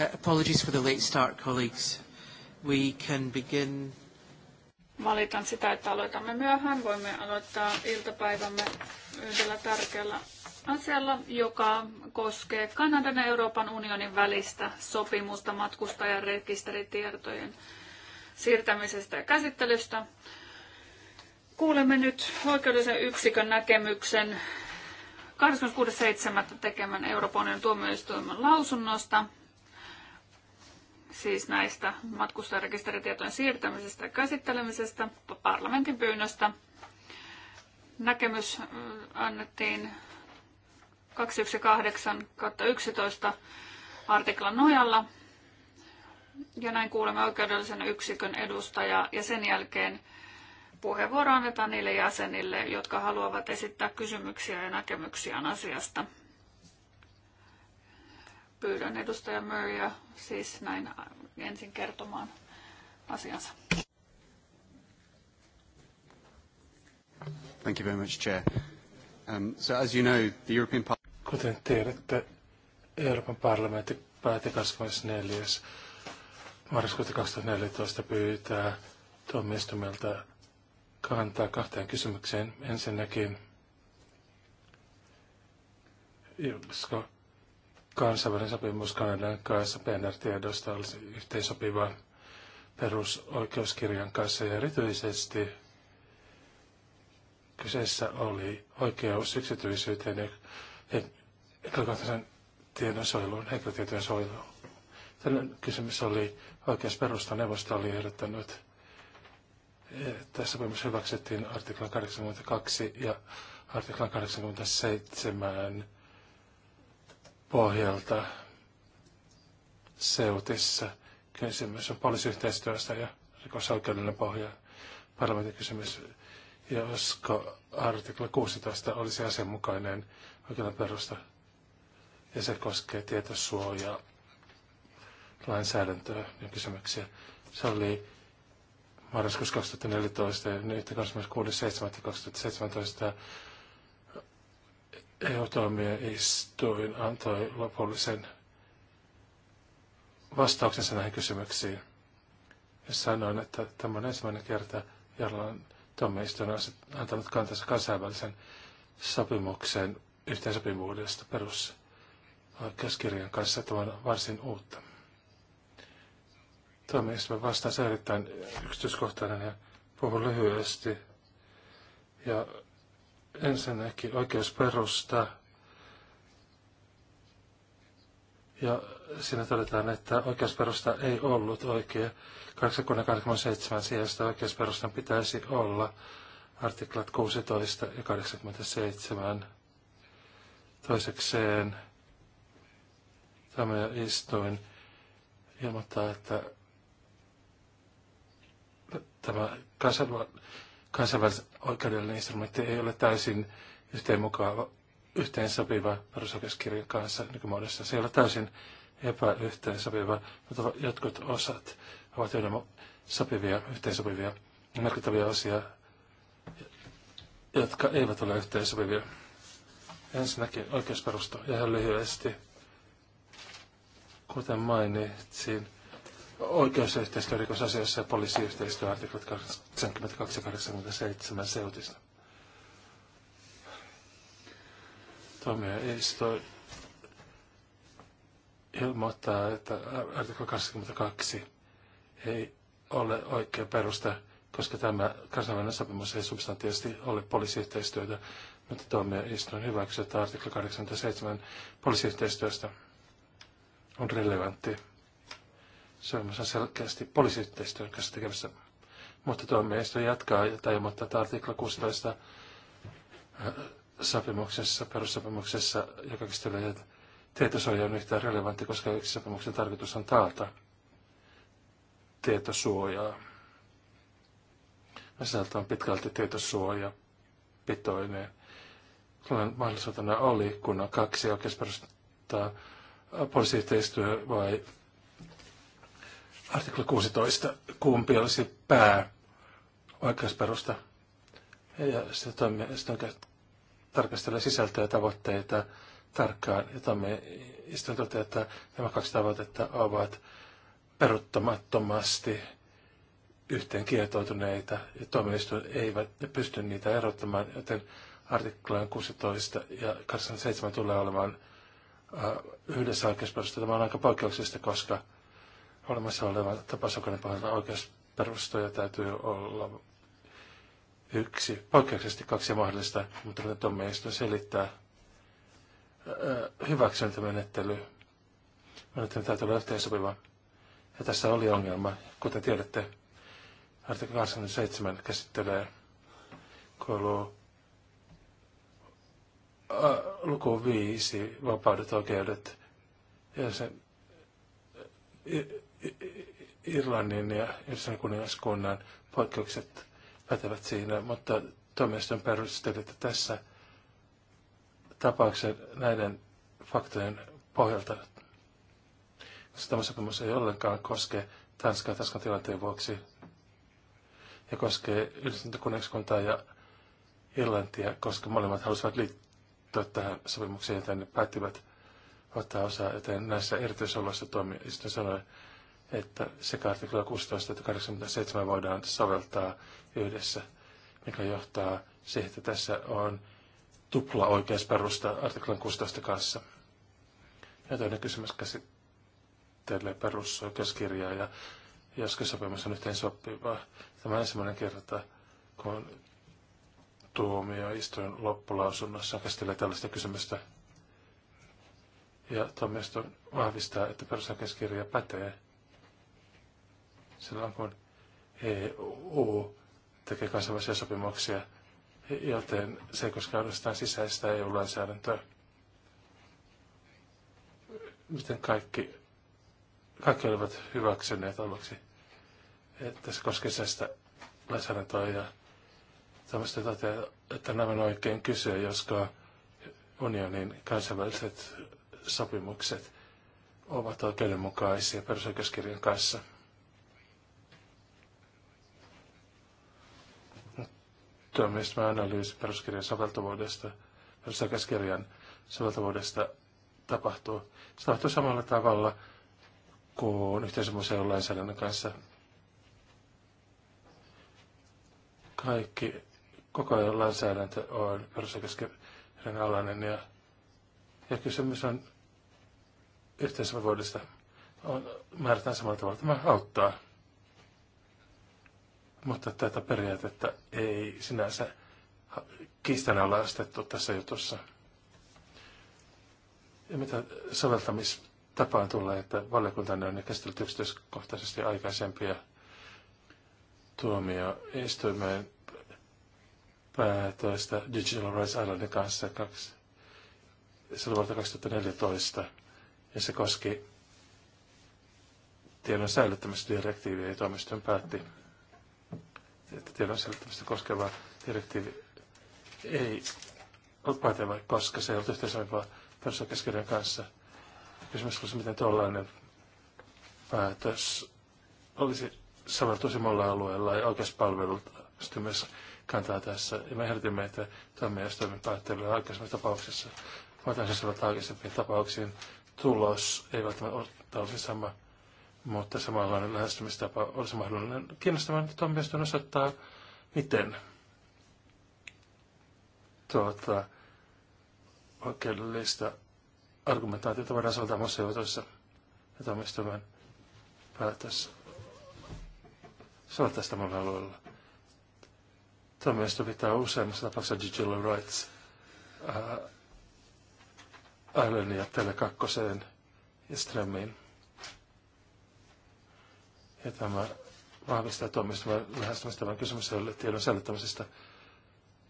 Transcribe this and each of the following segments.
Uh, apologies for the late start, colleagues. We can begin. Valitan sitä, että aloitamme myöhään. Voimme aloittaa iltapäivämme yhdellä tärkeällä asialla, joka koskee Kanadan ja Euroopan unionin välistä sopimusta matkustajan rekisteritietojen siirtämisestä ja käsittelystä. Kuulemme nyt oikeudellisen yksikön näkemyksen 26.7. tekemän Euroopan unionin tuomioistuimen lausunnosta siis näistä matkustajarekisteritietojen siirtämisestä ja käsittelemisestä parlamentin pyynnöstä. Näkemys äh, annettiin 218-11 artiklan nojalla. Ja näin kuulemme oikeudellisen yksikön edustajaa ja sen jälkeen puheenvuoro annetaan niille jäsenille, jotka haluavat esittää kysymyksiä ja näkemyksiä asiasta pyydän edustaja Murrayä siis näin ensin kertomaan asiansa. Thank you very much, Chair. Um, so as you know, the European Kuten tiedätte, Euroopan parlamentti päätti 24. marraskuuta 2014 pyytää tuomioistumelta kantaa kahteen kysymykseen. Ensinnäkin, koska kansainvälinen sopimus Kanadan kanssa PNR-tiedosta olisi yhteensopiva perusoikeuskirjan kanssa ja erityisesti kyseessä oli oikeus yksityisyyteen ja henkilökohtaisen tiedon suojeluun, henkilötietojen suojeluun. Tällainen kysymys oli oikeusperusta. Neuvosto oli ehdottanut, että sopimus hyväksyttiin artiklan 82 ja artiklan 87 pohjalta seutissa. Kysymys on poliisiyhteistyöstä ja rikosoikeudellinen pohja. Parlamentin kysymys, josko artikla 16 olisi asianmukainen oikeuden perusta. Ja se koskee tietosuojaa, lainsäädäntöä ja kysymyksiä. Se oli marraskuussa 2014 ja nyt 26.7.2017 EU-tuomioistuin antoi lopullisen vastauksensa näihin kysymyksiin. Ja sanoin, että tämä on ensimmäinen kerta, jolloin tuomioistuin on antanut kantansa kansainvälisen sopimuksen yhteensopivuudesta perusoikeuskirjan kanssa. Tämä on varsin uutta. Tuomioistuin vastaa erittäin yksityiskohtainen ja puhun lyhyesti. Ja Ensinnäkin oikeusperusta. Ja siinä todetaan, että oikeusperusta ei ollut oikea. 87 sijasta oikeusperustan pitäisi olla artiklat 16 ja 87. Toisekseen istuin ilmoittaa, että tämä kansanvalta oikeudellinen instrumentti ei ole täysin yhteen mukava, yhteen sopiva perusoikeuskirjan kanssa nykymuodossa. Se ei ole täysin epäyhteen sopiva, mutta jotkut osat ovat yhden sopivia, yhteen sopivia merkittäviä osia, jotka eivät ole yhteen sopivia. Ensinnäkin oikeusperusta ihan lyhyesti. Kuten mainitsin, oikeusyhteistyörikosasioissa ja poliisiyhteistyöartiklat 82 ja 87 seutista. Tuomioistuin ilmoittaa, että artikla 22 ei ole oikea perusta, koska tämä kansainvälinen sopimus ei substantiivisesti ole poliisiyhteistyötä, mutta istuin hyväksyä, että artikla 87 poliisiyhteistyöstä on relevantti sopimus on selkeästi poliisiyhteistyön kanssa tekemässä. Mutta tuomioistuin jatkaa tai ilmoittaa, että artikla 16 äh, sopimuksessa, perussopimuksessa, joka käsittelee tietosuoja on yhtään relevantti, koska yksi sopimuksen tarkoitus on taata tietosuojaa. Ja sieltä on pitkälti tietosuoja pitoinen. Sellainen mahdollisuutena oli, kun on kaksi oikeusperustaa, poliisiyhteistyö vai Artikla 16. Kumpi olisi pää oikeusperusta? Ja sitten, toimii, sitten tarkastelee sisältöä ja tavoitteita tarkkaan. Ja tuomioistuin toteaa, että nämä kaksi tavoitetta ovat peruttamattomasti yhteen kietoutuneita ja tuomioistuin eivät pysty niitä erottamaan, joten artiklaan 16 ja 27 tulee olemaan äh, yhdessä oikeusperusta. Tämä on aika poikkeuksellista, koska olemassa oleva tapasokainen pohjalta oikeusperustoja täytyy olla yksi, poikkeuksellisesti kaksi mahdollista, mutta on meistä selittää, hyväksyntämenettely, menettely täytyy olla yhteensopiva. Ja tässä oli ongelma, kuten tiedätte, artikla 27 käsittelee koulu luku 5, vapaudet, oikeudet, ja sen Irlannin ja Irlannin kuningaskunnan poikkeukset pätevät siinä, mutta tuomioistuin perusteli, että tässä tapauksessa näiden faktojen pohjalta, koska tämä sopimus ei ollenkaan koske Tanskaa Tanskan tilanteen vuoksi ja koskee yhdistyntä ja Irlantia, koska molemmat halusivat liittyä tähän sopimukseen, joten ne päättivät ottaa osaa, joten näissä erityisoloissa tuomioistuin sanoi, että sekä artikla 16 että 87 voidaan soveltaa yhdessä, mikä johtaa siihen, että tässä on tupla oikeus perusta artiklan 16 kanssa. Ja toinen kysymys käsittelee perusoikeuskirjaa ja joskus sopimus on yhteen sopivaa. Tämä ensimmäinen kerta, kun tuomioistuin loppulausunnossa käsittelee tällaista kysymystä. Ja tuomioistuin vahvistaa, että perusoikeuskirja pätee silloin, kun EU tekee kansainvälisiä sopimuksia, joten se ei koskaan ainoastaan sisäistä EU-lainsäädäntöä. Miten kaikki, kaikki olivat hyväksyneet aluksi, että se koskee sisäistä lainsäädäntöä ja tämmöistä toteaa, että nämä on oikein kysyä, joska unionin kansainväliset sopimukset ovat oikeudenmukaisia perusoikeuskirjan kanssa. tuomioistuimen analyysi peruskirjan soveltuvuudesta, perusoikeuskirjan soveltuvuudesta tapahtuu. Se tapahtuu samalla tavalla kuin yhteisömuseon lainsäädännön kanssa. Kaikki, koko ajan lainsäädäntö on perusoikeuskirjan alainen ja, ja kysymys on yhteisövuodesta. On, määrätään samalla tavalla. Tämä auttaa. Mutta tätä periaatetta ei sinänsä kiistanalaistettu tässä jutussa. Ja mitä soveltamistapaan tulee, että valiokunta on käsitellyt yksityiskohtaisesti aikaisempia istuimeen päätöistä Digital Rights Islandin kanssa kaksi, silloin vuodelta 2014, ja se koski tiedon säilyttämisdirektiiviä ja toimiston päätti että tiedon selvittämistä koskeva direktiivi ei ole pätevä, koska se ei ollut yhteensopiva perusoikeuskirjan kanssa. Kysymys olisi, miten tuollainen päätös olisi soveltuisi mulla alueella ja oikeuspalvelut myös kantaa tässä. Ja me ehdotimme, että tuomioistuimen päättäjille aikaisemmissa tapauksissa voitaisiin soveltaa aikaisempiin tapauksiin tulos ei välttämättä olisi siis sama mutta samanlainen lähestymistapa olisi mahdollinen. Kiinnostavan tuomioistuin osoittaa, miten tuota, oikeudellista argumentaatiota voidaan soveltaa muissa jutuissa ja tuomioistuimen päätössä. soveltaa sitä muilla alueella. Tuomioistuin pitää useimmissa tapauksissa digital rights ja Tele kakkoseen ja Stremiin. Ja tämä vahvistaa tuomioistuimen lähestymistavan kysymys ei tiedon säilyttämisestä.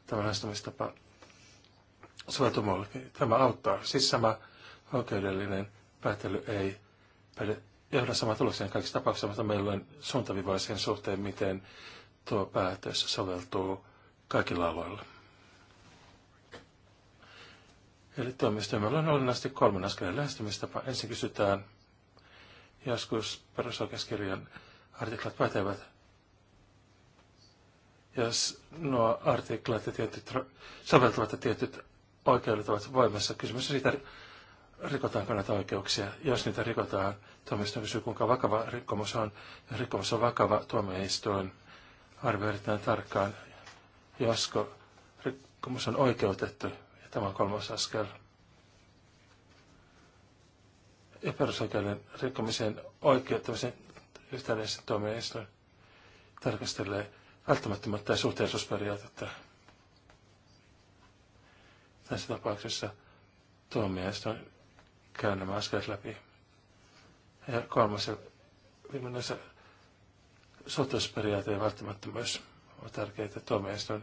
Tämä lähestymistapa suojatumolle. Tämä auttaa. Siis sama oikeudellinen päättely ei päde johda samaan tulokseen kaikissa tapauksissa, mutta meillä on suuntaviivoja sen suhteen, miten tuo päätös soveltuu kaikilla aloilla. Eli tuomioistuimella on olennaisesti kolmen askeleen lähestymistapa. Ensin kysytään, Joskus perusoikeuskirjan artiklat pätevät. Jos nuo artiklat ja tietyt soveltuvat ja tietyt oikeudet ovat voimassa, kysymys on siitä, rikotaanko näitä oikeuksia. Jos niitä rikotaan, tuomioistuin kysyy, kuinka vakava rikkomus on. Jos rikkomus on vakava, tuomioistuin arvioi erittäin tarkkaan, josko rikkomus on oikeutettu. Ja tämä on kolmas askel ja perusoikeuden rikkomisen oikeuttamisen yhtäläisen tuomioistuin tarkastelee välttämättömättä ja suhteellisuusperiaatetta. Tässä tapauksessa tuomioistuin käy nämä askeleet läpi. Ja kolmas ja viimeinen se suhteellisuusperiaate ja välttämättömyys on tärkeitä tuomioistuin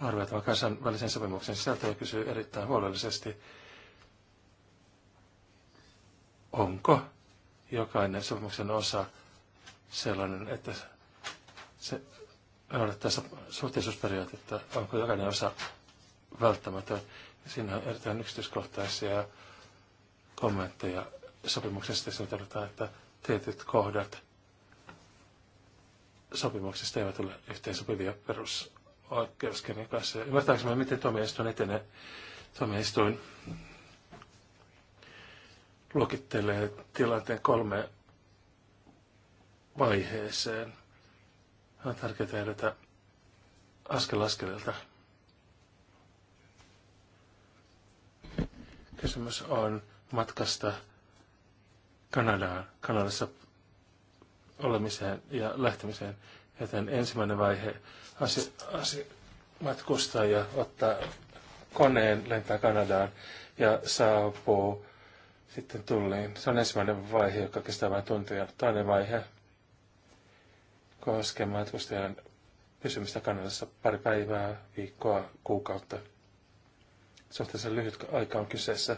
arvioitava kansainvälisen sopimuksen sisältöä ja kysyy erittäin huolellisesti onko jokainen sopimuksen osa sellainen, että se noudattaa suhteellisuusperiaatetta, onko jokainen osa välttämätön. Siinä on erittäin yksityiskohtaisia kommentteja sopimuksesta, jossa todetaan, että tietyt kohdat sopimuksesta eivät ole yhteensopivia perusoikeuskirjan kanssa. Ymmärtääksemme, miten tuomioistuin etenee. Tuomioistuin luokittelee tilanteen kolme vaiheeseen. On tärkeää edetä askel askeleelta. Kysymys on matkasta Kanadaan, Kanadassa olemiseen ja lähtemiseen. Joten ensimmäinen vaihe asi, asi, matkustaa ja ottaa koneen, lentää Kanadaan ja saapuu sitten tulliin. Se on ensimmäinen vaihe, joka kestää vain tuntia. Toinen vaihe koskee matkustajan pysymistä Kanadassa pari päivää, viikkoa, kuukautta. Suhteessa lyhyt aika on kyseessä.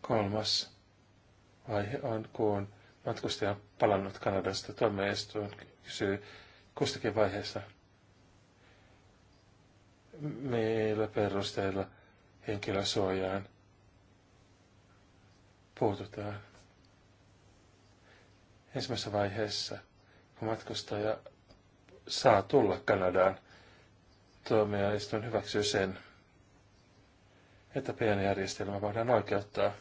Kolmas vaihe on, kun matkustaja on palannut Kanadasta toimeenstuun, kysyy kustakin vaiheessa, millä perusteella henkilösuojaan puututaan. Ensimmäisessä vaiheessa, kun matkustaja saa tulla Kanadaan, tuomioistuin hyväksyy sen, että pieni järjestelmä voidaan oikeuttaa,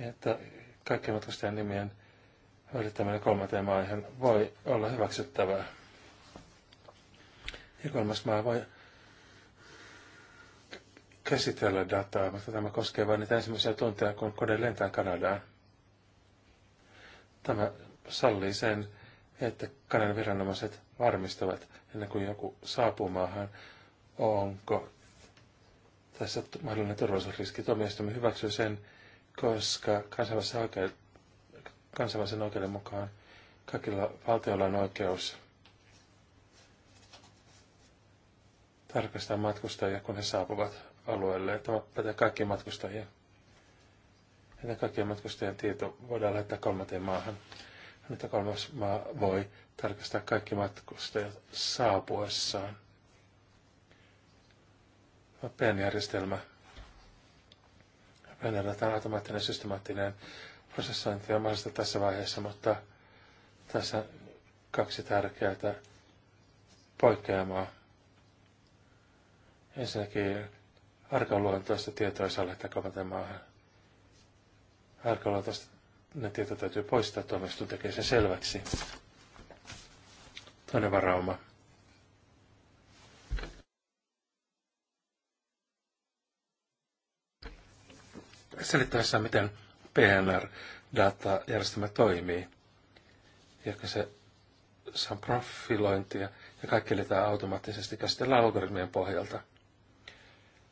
että kaikkien matkustajan nimien yrittäminen kolmanteen maahan voi olla hyväksyttävää. Ja kolmas maa voi käsitellä dataa, mutta tämä koskee vain niitä ensimmäisiä tunteja, kun kone lentää Kanadaan. Tämä sallii sen, että Kanadan viranomaiset varmistavat ennen kuin joku saapuu maahan, onko tässä mahdollinen turvallisuusriski. Tuomioistuimen hyväksyy sen, koska kansainvälisen oikeuden, kansainvälisen oikeuden mukaan kaikilla valtioilla on oikeus tarkastaa matkustajia, kun he saapuvat alueelle. Tämä pätee kaikkien matkustajien. että kaikkien matkustajien tieto voidaan lähettää kolmanteen maahan. Nyt kolmas maa voi tarkastaa kaikki matkustajat saapuessaan. PEN-järjestelmä. PEN on automaattinen systemaattinen prosessointi on mahdollista tässä vaiheessa, mutta tässä kaksi tärkeää poikkeamaa. Ensinnäkin arkaluontoista tietoa ei saa lähettää kolmanteen maahan. Arkaluontoista ne tieto täytyy poistaa, tuomioistuin tekee sen selväksi. Toinen varauma. Selittäessä, miten PNR-datajärjestelmä toimii. Ja se se on profilointia ja kaikki tämä automaattisesti käsitellään algoritmien pohjalta –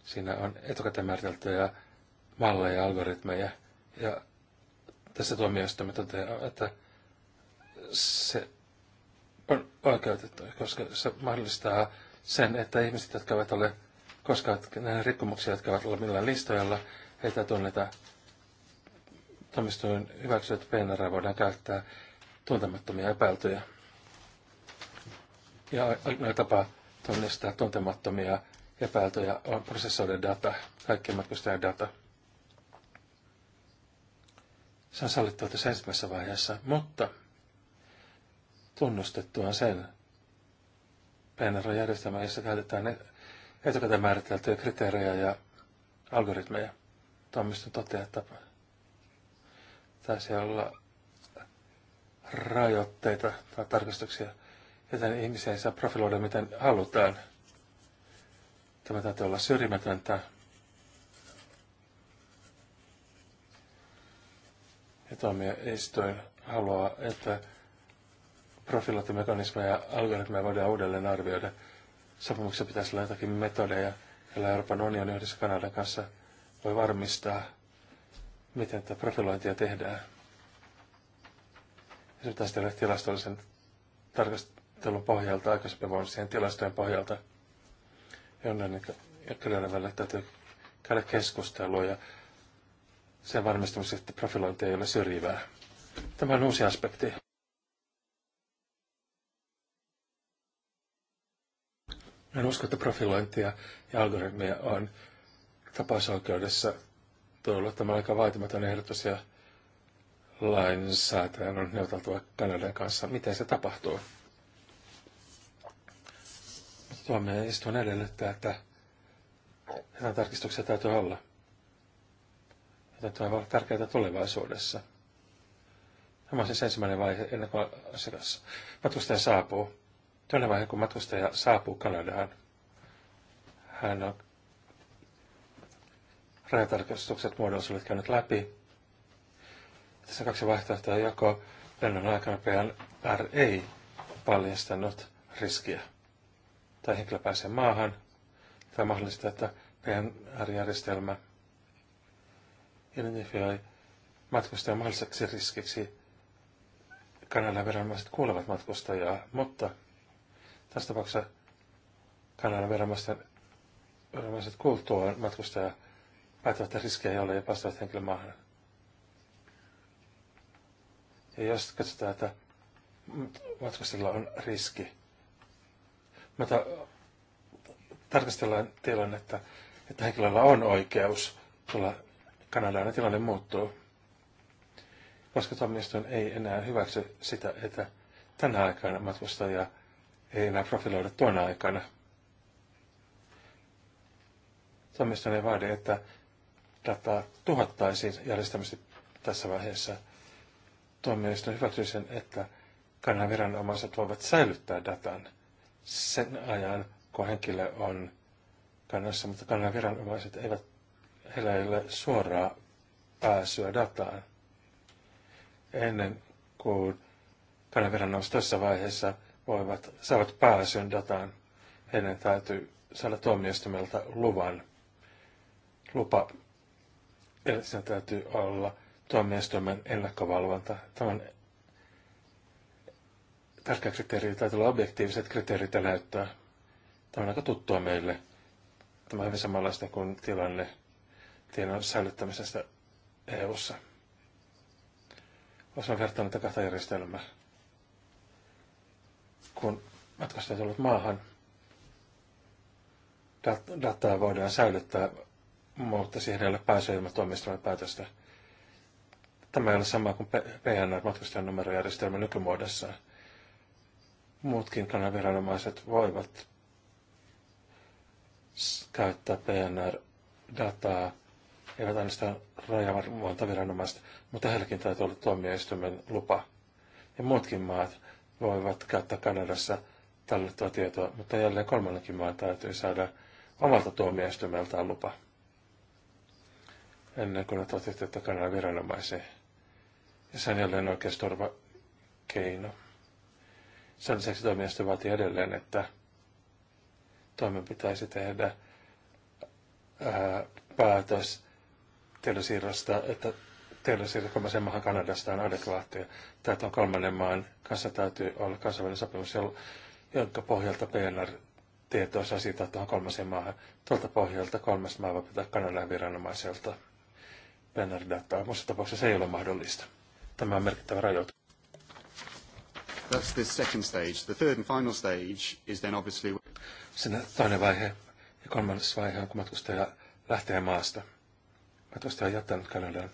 Siinä on etukäteen määriteltyjä malleja, algoritmeja. Ja tässä me totean, että se on oikeutettu, koska se mahdollistaa sen, että ihmiset, jotka eivät ole koskaan näitä rikkomuksia, jotka eivät ole millään listoilla, heitä tunneta tuomistuin hyväksyä, että PNR voidaan käyttää tuntemattomia epäiltyjä. Ja ainoa tapa tunnistaa tuntemattomia epäiltyjä on prosessoiden data, kaikkien matkustajien data. Se on sallittu tässä ensimmäisessä vaiheessa, mutta tunnustettuaan sen PNR-järjestelmä, jossa käytetään e- etukäteen määriteltyjä kriteerejä ja algoritmeja. Tuomioistuin toteaa, että taisi olla rajoitteita tai tarkastuksia, joten ihmisiä ei saa profiloida miten halutaan – Tämä täytyy olla syrjimätöntä. Ja tuomioistuin haluaa, että profilointimekanismeja ja algoritmeja voidaan uudelleen arvioida. Sopimuksessa pitäisi olla jotakin metodeja, joilla Euroopan unioni yhdessä Kanadan kanssa voi varmistaa, miten tätä profilointia tehdään. Ja se pitäisi tehdä tilastollisen tarkastelun pohjalta, aikaisemmin voin siihen tilastojen pohjalta – Jonnan ja Kylän välillä täytyy käydä keskustelua ja sen varmistamiseksi, että profilointi ei ole syrjivää. Tämä on uusi aspekti. En usko, että profilointia ja algoritmia on tapausoikeudessa tullut tämä aika vaatimaton ehdotus ja lainsäätäjän on neuvoteltava Kanadan kanssa, miten se tapahtuu. Tuomioistuin edellyttää, että jotain tarkistuksia täytyy olla. Joten tämä voi olla tärkeää tulevaisuudessa. Tämä on siis ensimmäinen vaihe ennen kuin asiakas matkustaja saapuu. Toinen vaihe, kun matkustaja saapuu Kanadaan, hän on rajatarkistukset muodollisuudet käynyt läpi. Tässä on kaksi vaihtoehtoa, joko lennon aikana PNR ei paljastanut riskiä tai henkilö pääsee maahan, tämä mahdollista, että PNR-järjestelmä identifioi matkustajan mahdolliseksi riskiksi. Kanadan viranomaiset kuulevat matkustajaa, mutta tässä tapauksessa Kanadan viranomaiset kuultuaan matkustajaa päättävät, että riskejä ei ole ja päästävät henkilön maahan. Ja jos katsotaan, että matkustajilla on riski, me ta- tarkastellaan tilannetta, että henkilöllä on oikeus tulla Kanadaan ja tilanne muuttuu. Koska tuomioistuin ei enää hyväksy sitä, että tänä aikana matkustaja ei enää profiloida tuona aikana. Tuomioistuin ei vaadi, että dataa tuhattaisiin järjestämistä tässä vaiheessa. Tuomioistuin hyväksyy sen, että Kanadan viranomaiset voivat säilyttää datan – sen ajan, kun henkilö on kannassa, mutta kannan viranomaiset eivät, heillä ei ole suoraa pääsyä dataan. Ennen kuin kannan viranomaiset tässä vaiheessa voivat, saavat pääsyn dataan, heidän täytyy saada tuomioistumelta luvan, lupa. Eli siinä täytyy olla tuomioistuimen ennakkovalvonta. Tämän tärkeä kriteeri täytyy olla objektiiviset kriteerit ja näyttää. Tämä on aika tuttua meille. Tämä on hyvin samanlaista kuin tilanne tiedon säilyttämisestä EU-ssa. Olisin vertaa näitä kahta järjestelmää. Kun matkustajat ovat maahan, dat- dataa voidaan säilyttää, mutta siihen ei ole pääsyä ilman toimistamme päätöstä. Tämä ei ole sama kuin PNR-matkustajan numerojärjestelmä nykymuodossaan muutkin kanaviranomaiset voivat käyttää PNR-dataa, eivät ainoastaan rajavalvontaviranomaiset, mutta heilläkin täytyy olla tuomioistuimen lupa. Ja muutkin maat voivat käyttää Kanadassa tallettua tietoa, mutta jälleen kolmannenkin maan täytyy saada omalta tuomioistuimeltaan lupa ennen kuin otat yhteyttä Kanadan viranomaiseen. Ja se on jälleen oikeusturvakeino. Sen lisäksi toimijasta vaatii edelleen, että toimen pitäisi tehdä ää, päätös teollisuudesta, että teollisuuden kolmansien maahan Kanadasta on adekvaattia. Tai tuon kolmannen maan kanssa täytyy olla kansainvälinen sopimus, jonka pohjalta PNR tietoa saa siitä tuohon kolmaseen maahan. Tuolta pohjalta kolmas maa voi pitää Kanadan viranomaiselta PNR-dataa. Muussa tapauksessa se ei ole mahdollista. Tämä on merkittävä rajoitus. That's the second stage. The third and final stage is then obviously... Sinne toinen vaihe ja kolmas vaihe on, kun matkustaja lähtee maasta. Matkustaja on jättänyt Kanadaan.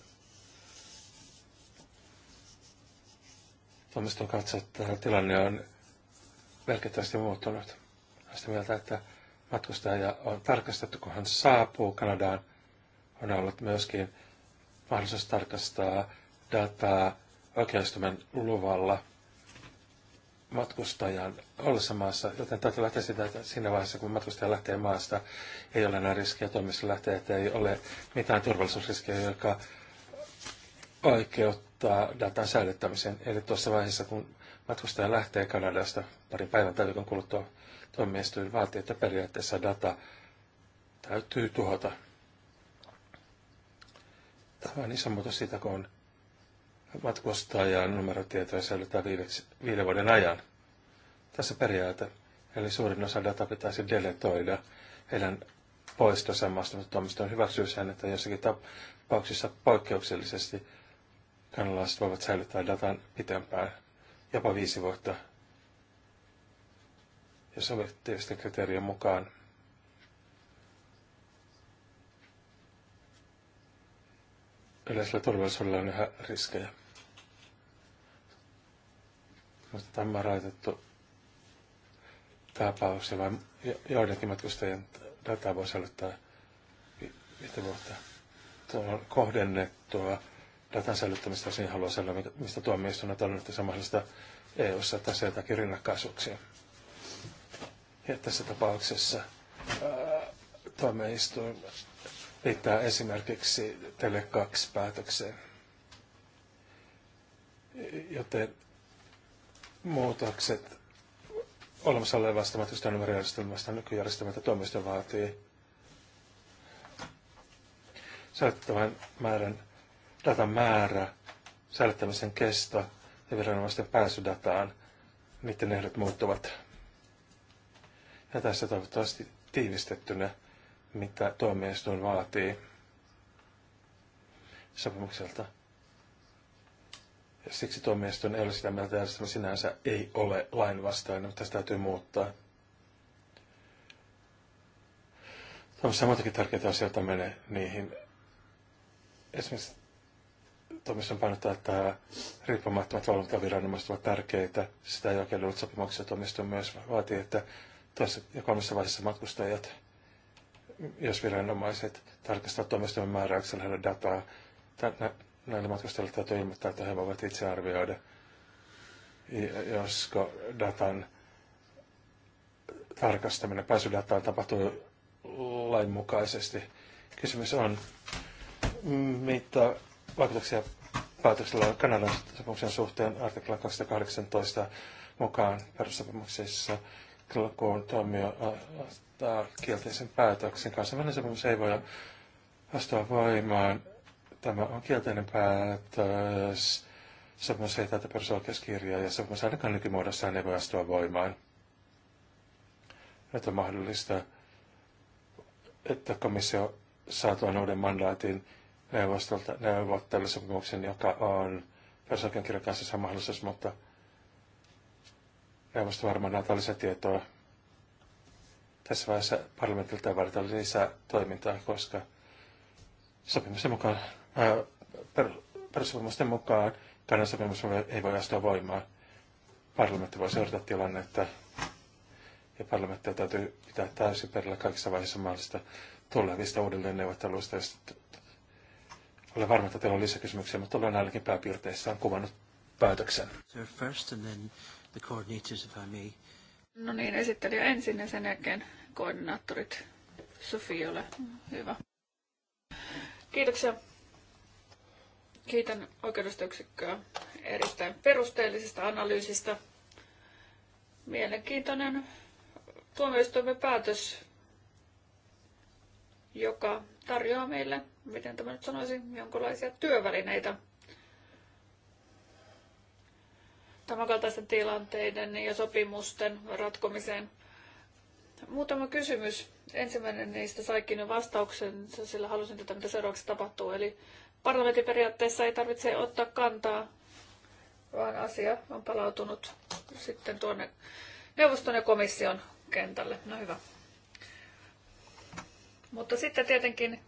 Tuomisto katsoo, että tilanne on merkittävästi muuttunut. On sitä mieltä, että matkustaja on tarkastettu, kun hän saapuu Kanadaan. On ollut myöskin mahdollisuus tarkastaa dataa oikeustumen luvalla – matkustajan ollessa maassa, joten täytyy lähteä sitä, että siinä vaiheessa, kun matkustaja lähtee maasta, ei ole enää riskiä toimissa lähteä, että ei ole mitään turvallisuusriskejä, joka oikeuttaa datan säilyttämisen. Eli tuossa vaiheessa, kun matkustaja lähtee Kanadasta parin päivän tai viikon kuluttua, tuomioistuin vaatii, että periaatteessa data täytyy tuhota. Tämä on iso muutos siitä, kun on matkustajan numerotietoja säilytetään viiden vuoden ajan. Tässä periaate, eli suurin osa data pitäisi deletoida heidän poisto samasta, mutta tuomiston hyväksyy sen, että jossakin tapauksissa poikkeuksellisesti kanalaiset voivat säilyttää datan pitempään, jopa viisi vuotta, jos objektiivisten kriteerien mukaan yleisellä turvallisuudella on yhä riskejä. Mutta tämä on rajoitettu tapaus ja joidenkin matkustajien dataa voisi säilyttää viittä vuotta. Tuo on kohdennettua datan säilyttämistä, jos niin haluaa sanoa, mistä tuomioistuin on todennut samanlaista EU-ssa, että e tässä jotakin rinnakkaisuuksia. Ja tässä tapauksessa tuomioistuin liittää esimerkiksi Tele2-päätökseen. Joten muutokset olemassa olevasta matkustajanumerojärjestelmästä nykyjärjestelmältä tuomioistuin vaatii säilyttävän määrän, datan määrä, säilyttämisen kesto ja viranomaisten pääsy dataan, niiden ehdot muuttuvat. Ja tässä toivottavasti tiivistettynä, mitä tuomioistuin vaatii sopimukselta. Siksi tuomioistuin ei ole sitä mieltä, että järjestelmä sinänsä ei ole lainvastainen, mutta tästä täytyy muuttaa. on muitakin tärkeitä asioita menee niihin. Esimerkiksi tuomissa painottaa, että riippumattomat valvontaviranomaiset ovat tärkeitä. Sitä ei oikein ollut sopimuksia. Tuomioistuin myös vaatii, että toisessa ja kolmessa vaiheessa matkustajat, jos viranomaiset tarkastavat tuomioistuimen määräyksellä heidän dataa, näille matkustajille täytyy ilmoittaa, että he voivat itse arvioida, josko datan tarkastaminen, pääsydataan tapahtuu lainmukaisesti. Kysymys on, mitä vaikutuksia päätöksellä on Kanadan sopimuksen suhteen artikla 218 mukaan perussopimuksessa kun ottaa kielteisen päätöksen. Kansainvälinen sopimus ei voi astua voimaan Tämä on kielteinen päätös. Sopimus ei täytä perusoikeuskirjaa ja sopimus ainakaan nykymuodossaan ei voi astua voimaan. Nyt on mahdollista, että komissio saa tuon uuden mandaatin neuvostolta sopimuksen, joka on perusoikeuskirjan kanssa mahdollisuus, mutta neuvosto varmaan antaa tietoa. Tässä vaiheessa parlamentilta ei vaadita lisää toimintaa, koska sopimusten mukaan, ää, perussopimusten mukaan Kanadan sopimus ei voi astua voimaan. Parlamentti voi seurata tilannetta ja parlamentti täytyy pitää täysin perillä kaikissa vaiheissa mahdollista tulevista uudelleen neuvotteluista, olen varma, että teillä on lisäkysymyksiä, mutta olen ainakin pääpiirteissään kuvannut päätöksen. First and then the coordinators, if I may. No niin, esittelijä ensin ja sen jälkeen koordinaattorit. Sofiolle, hyvä. Kiitoksia. Kiitän oikeudustyksikköä erittäin perusteellisesta analyysistä. Mielenkiintoinen tuomioistuimen päätös, joka tarjoaa meille, miten tämä nyt sanoisi, jonkinlaisia työvälineitä tämänkaltaisten tilanteiden ja sopimusten ratkomiseen. Muutama kysymys. Ensimmäinen niistä saikin jo vastauksen, sillä halusin tätä, mitä seuraavaksi tapahtuu. Eli parlamentin periaatteessa ei tarvitse ottaa kantaa, vaan asia on palautunut sitten tuonne neuvoston ja komission kentälle. No hyvä. Mutta sitten tietenkin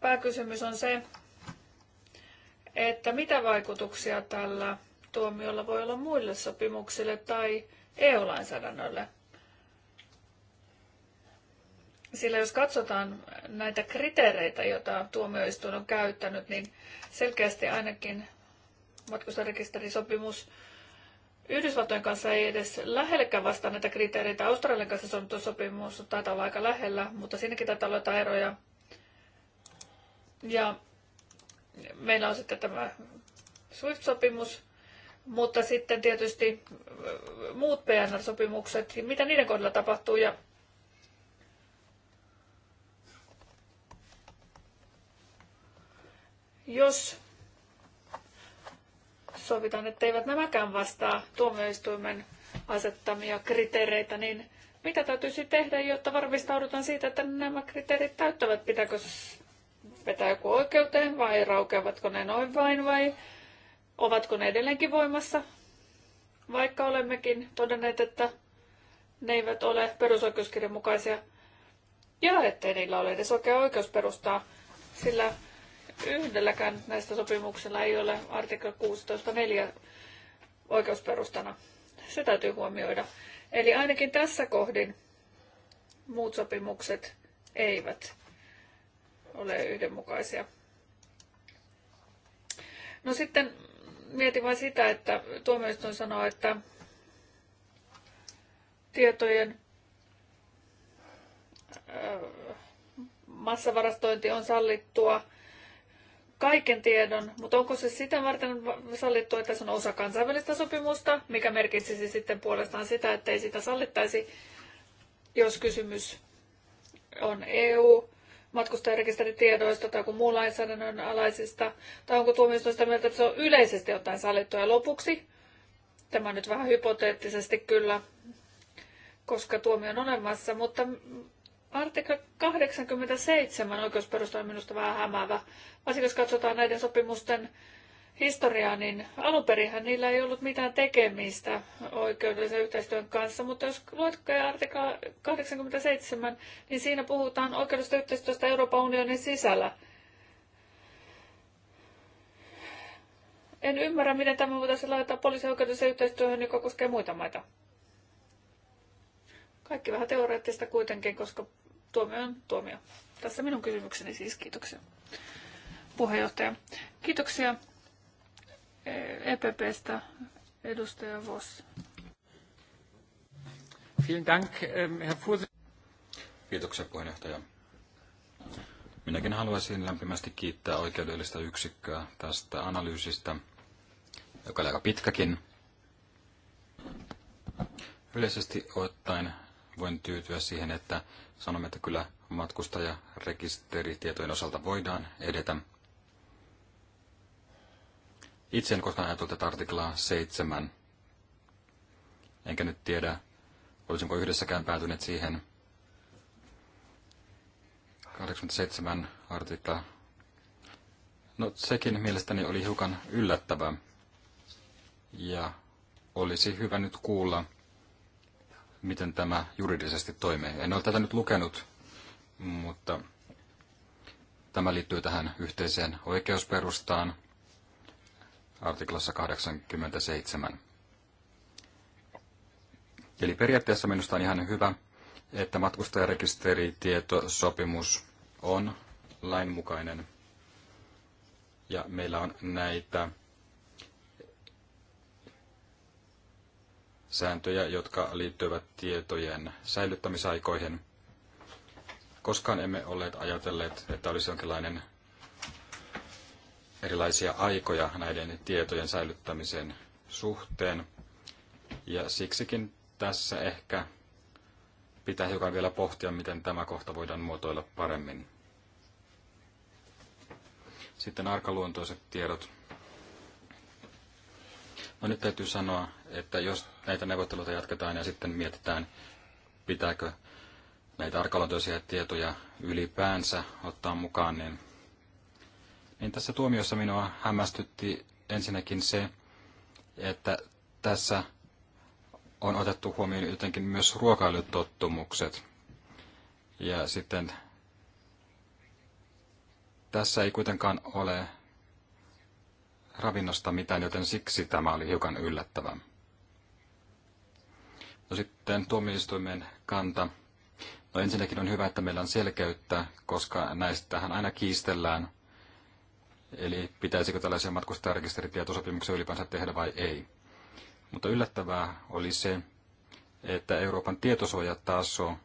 pääkysymys on se, että mitä vaikutuksia tällä tuomiolla voi olla muille sopimuksille tai EU-lainsäädännölle. Sillä jos katsotaan näitä kriteereitä, joita tuomioistuin on käyttänyt, niin selkeästi ainakin matkustajarekisterisopimus Yhdysvaltojen kanssa ei edes lähellekään vastaa näitä kriteereitä. Australian kanssa solmittu sopimus taitaa olla aika lähellä, mutta siinäkin taitaa olla jotain eroja. Ja meillä on sitten tämä SWIFT-sopimus, mutta sitten tietysti muut PNR-sopimukset, mitä niiden kohdalla tapahtuu. Ja Jos sovitaan, että eivät nämäkään vastaa tuomioistuimen asettamia kriteereitä, niin mitä täytyisi tehdä, jotta varmistaudutaan siitä, että nämä kriteerit täyttävät? Pitääkö vetää joku oikeuteen vai raukeavatko ne noin vain vai ovatko ne edelleenkin voimassa? Vaikka olemmekin todenneet, että ne eivät ole perusoikeuskirjan mukaisia ja ettei niillä ole edes oikea oikeusperustaa, sillä Yhdelläkään näistä sopimuksilla ei ole artikla 16.4 oikeusperustana. Se täytyy huomioida. Eli ainakin tässä kohdin muut sopimukset eivät ole yhdenmukaisia. No sitten mietin vain sitä, että tuomioistuin sanoo, että tietojen massavarastointi on sallittua kaiken tiedon, mutta onko se sitä varten sallittu, että se on osa kansainvälistä sopimusta, mikä merkitsisi sitten puolestaan sitä, että ei sitä sallittaisi, jos kysymys on EU, matkustajarekisteritiedoista tai kuin muun lainsäädännön alaisista, tai onko tuomioistuin mieltä, että se on yleisesti jotain sallittua. Ja lopuksi, tämä nyt vähän hypoteettisesti kyllä, koska tuomio on olemassa, mutta Artikla 87 oikeusperusta on minusta vähän hämäävä. Varsinkin jos katsotaan näiden sopimusten historiaa, niin alunperinhän niillä ei ollut mitään tekemistä oikeudellisen yhteistyön kanssa, mutta jos luetkee artikla 87, niin siinä puhutaan oikeudellisesta yhteistyöstä Euroopan unionin sisällä. En ymmärrä, miten tämä voitaisiin laittaa poliisioikeudelliseen yhteistyöhön, joka koskee muita maita. Kaikki vähän teoreettista kuitenkin, koska tuomio on tuomio. Tässä minun kysymykseni siis. Kiitoksia. Puheenjohtaja. Kiitoksia EPPstä eh, e edustaja Voss. Vielen Dank, ähm, Herr Kiitoksia puheenjohtaja. Minäkin haluaisin lämpimästi kiittää oikeudellista yksikköä tästä analyysistä, joka oli aika pitkäkin. Yleisesti ottaen voin tyytyä siihen, että sanomme, että kyllä matkustajarekisteritietojen osalta voidaan edetä. Itse en koskaan ajatellut tätä artiklaa seitsemän. Enkä nyt tiedä, olisinko yhdessäkään päätyneet siihen. 87 artikla. No sekin mielestäni oli hiukan yllättävä. Ja olisi hyvä nyt kuulla, miten tämä juridisesti toimii. En ole tätä nyt lukenut, mutta tämä liittyy tähän yhteiseen oikeusperustaan artiklassa 87. Eli periaatteessa minusta on ihan hyvä, että matkustajarekisteritietosopimus on lainmukainen. Ja meillä on näitä sääntöjä, jotka liittyvät tietojen säilyttämisaikoihin. Koskaan emme olleet ajatelleet, että olisi jonkinlainen erilaisia aikoja näiden tietojen säilyttämisen suhteen. Ja siksikin tässä ehkä pitää hiukan vielä pohtia, miten tämä kohta voidaan muotoilla paremmin. Sitten arkaluontoiset tiedot. No nyt täytyy sanoa, että jos näitä neuvotteluita jatketaan ja sitten mietitään, pitääkö näitä arkaluontoisia tietoja ylipäänsä ottaa mukaan, niin, niin tässä tuomiossa minua hämmästytti ensinnäkin se, että tässä on otettu huomioon jotenkin myös ruokailutottumukset. Ja sitten tässä ei kuitenkaan ole ravinnosta mitään, joten siksi tämä oli hiukan yllättävää. No sitten tuomioistuimen kanta. No ensinnäkin on hyvä, että meillä on selkeyttä, koska näistähän aina kiistellään. Eli pitäisikö tällaisia matkustajarekisteritietosopimuksia ylipäänsä tehdä vai ei. Mutta yllättävää oli se, että Euroopan tietosuojataso,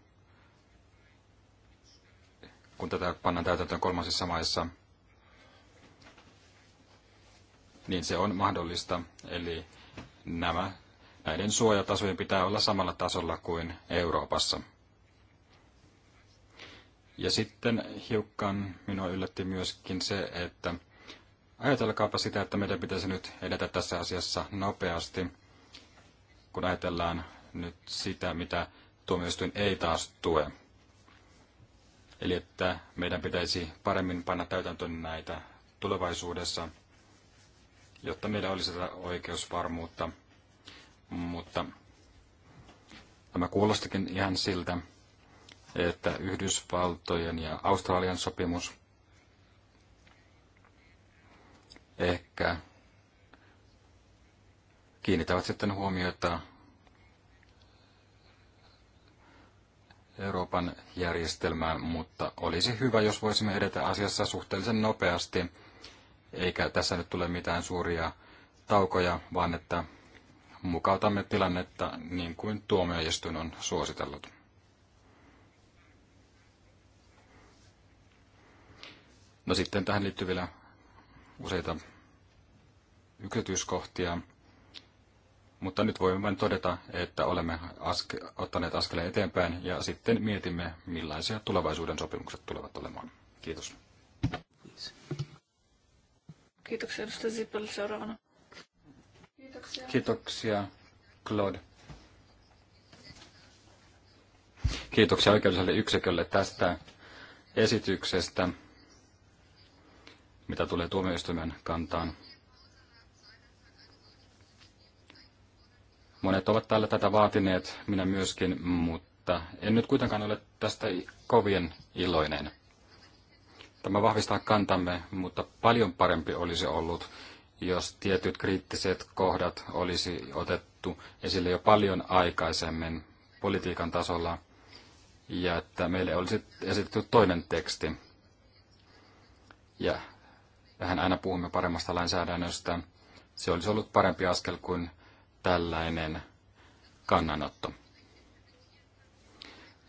kun tätä pannaan täytäntöön kolmansissa maissa, niin se on mahdollista. Eli nämä, näiden suojatasojen pitää olla samalla tasolla kuin Euroopassa. Ja sitten hiukan minua yllätti myöskin se, että ajatelkaapa sitä, että meidän pitäisi nyt edetä tässä asiassa nopeasti, kun ajatellaan nyt sitä, mitä tuomioistuin ei taas tue. Eli että meidän pitäisi paremmin panna täytäntöön näitä tulevaisuudessa jotta meillä olisi tätä oikeusvarmuutta. Mutta tämä kuulostakin ihan siltä, että Yhdysvaltojen ja Australian sopimus ehkä kiinnittävät sitten huomiota Euroopan järjestelmään, mutta olisi hyvä, jos voisimme edetä asiassa suhteellisen nopeasti eikä tässä nyt tule mitään suuria taukoja, vaan että mukautamme tilannetta niin kuin tuomioistuin on suositellut. No sitten tähän liittyy vielä useita yksityiskohtia, mutta nyt voimme vain todeta, että olemme aske- ottaneet askeleen eteenpäin ja sitten mietimme, millaisia tulevaisuuden sopimukset tulevat olemaan. Kiitos. Kiitos. Kiitoksia edustaja Zippel seuraavana. Kiitoksia. Kiitoksia, Claude. Kiitoksia oikeudelliselle yksikölle tästä esityksestä, mitä tulee tuomioistuimen kantaan. Monet ovat täällä tätä vaatineet, minä myöskin, mutta en nyt kuitenkaan ole tästä kovien iloinen. Tämä vahvistaa kantamme, mutta paljon parempi olisi ollut, jos tietyt kriittiset kohdat olisi otettu esille jo paljon aikaisemmin politiikan tasolla ja että meille olisi esitetty toinen teksti. Ja vähän aina puhumme paremmasta lainsäädännöstä. Se olisi ollut parempi askel kuin tällainen kannanotto.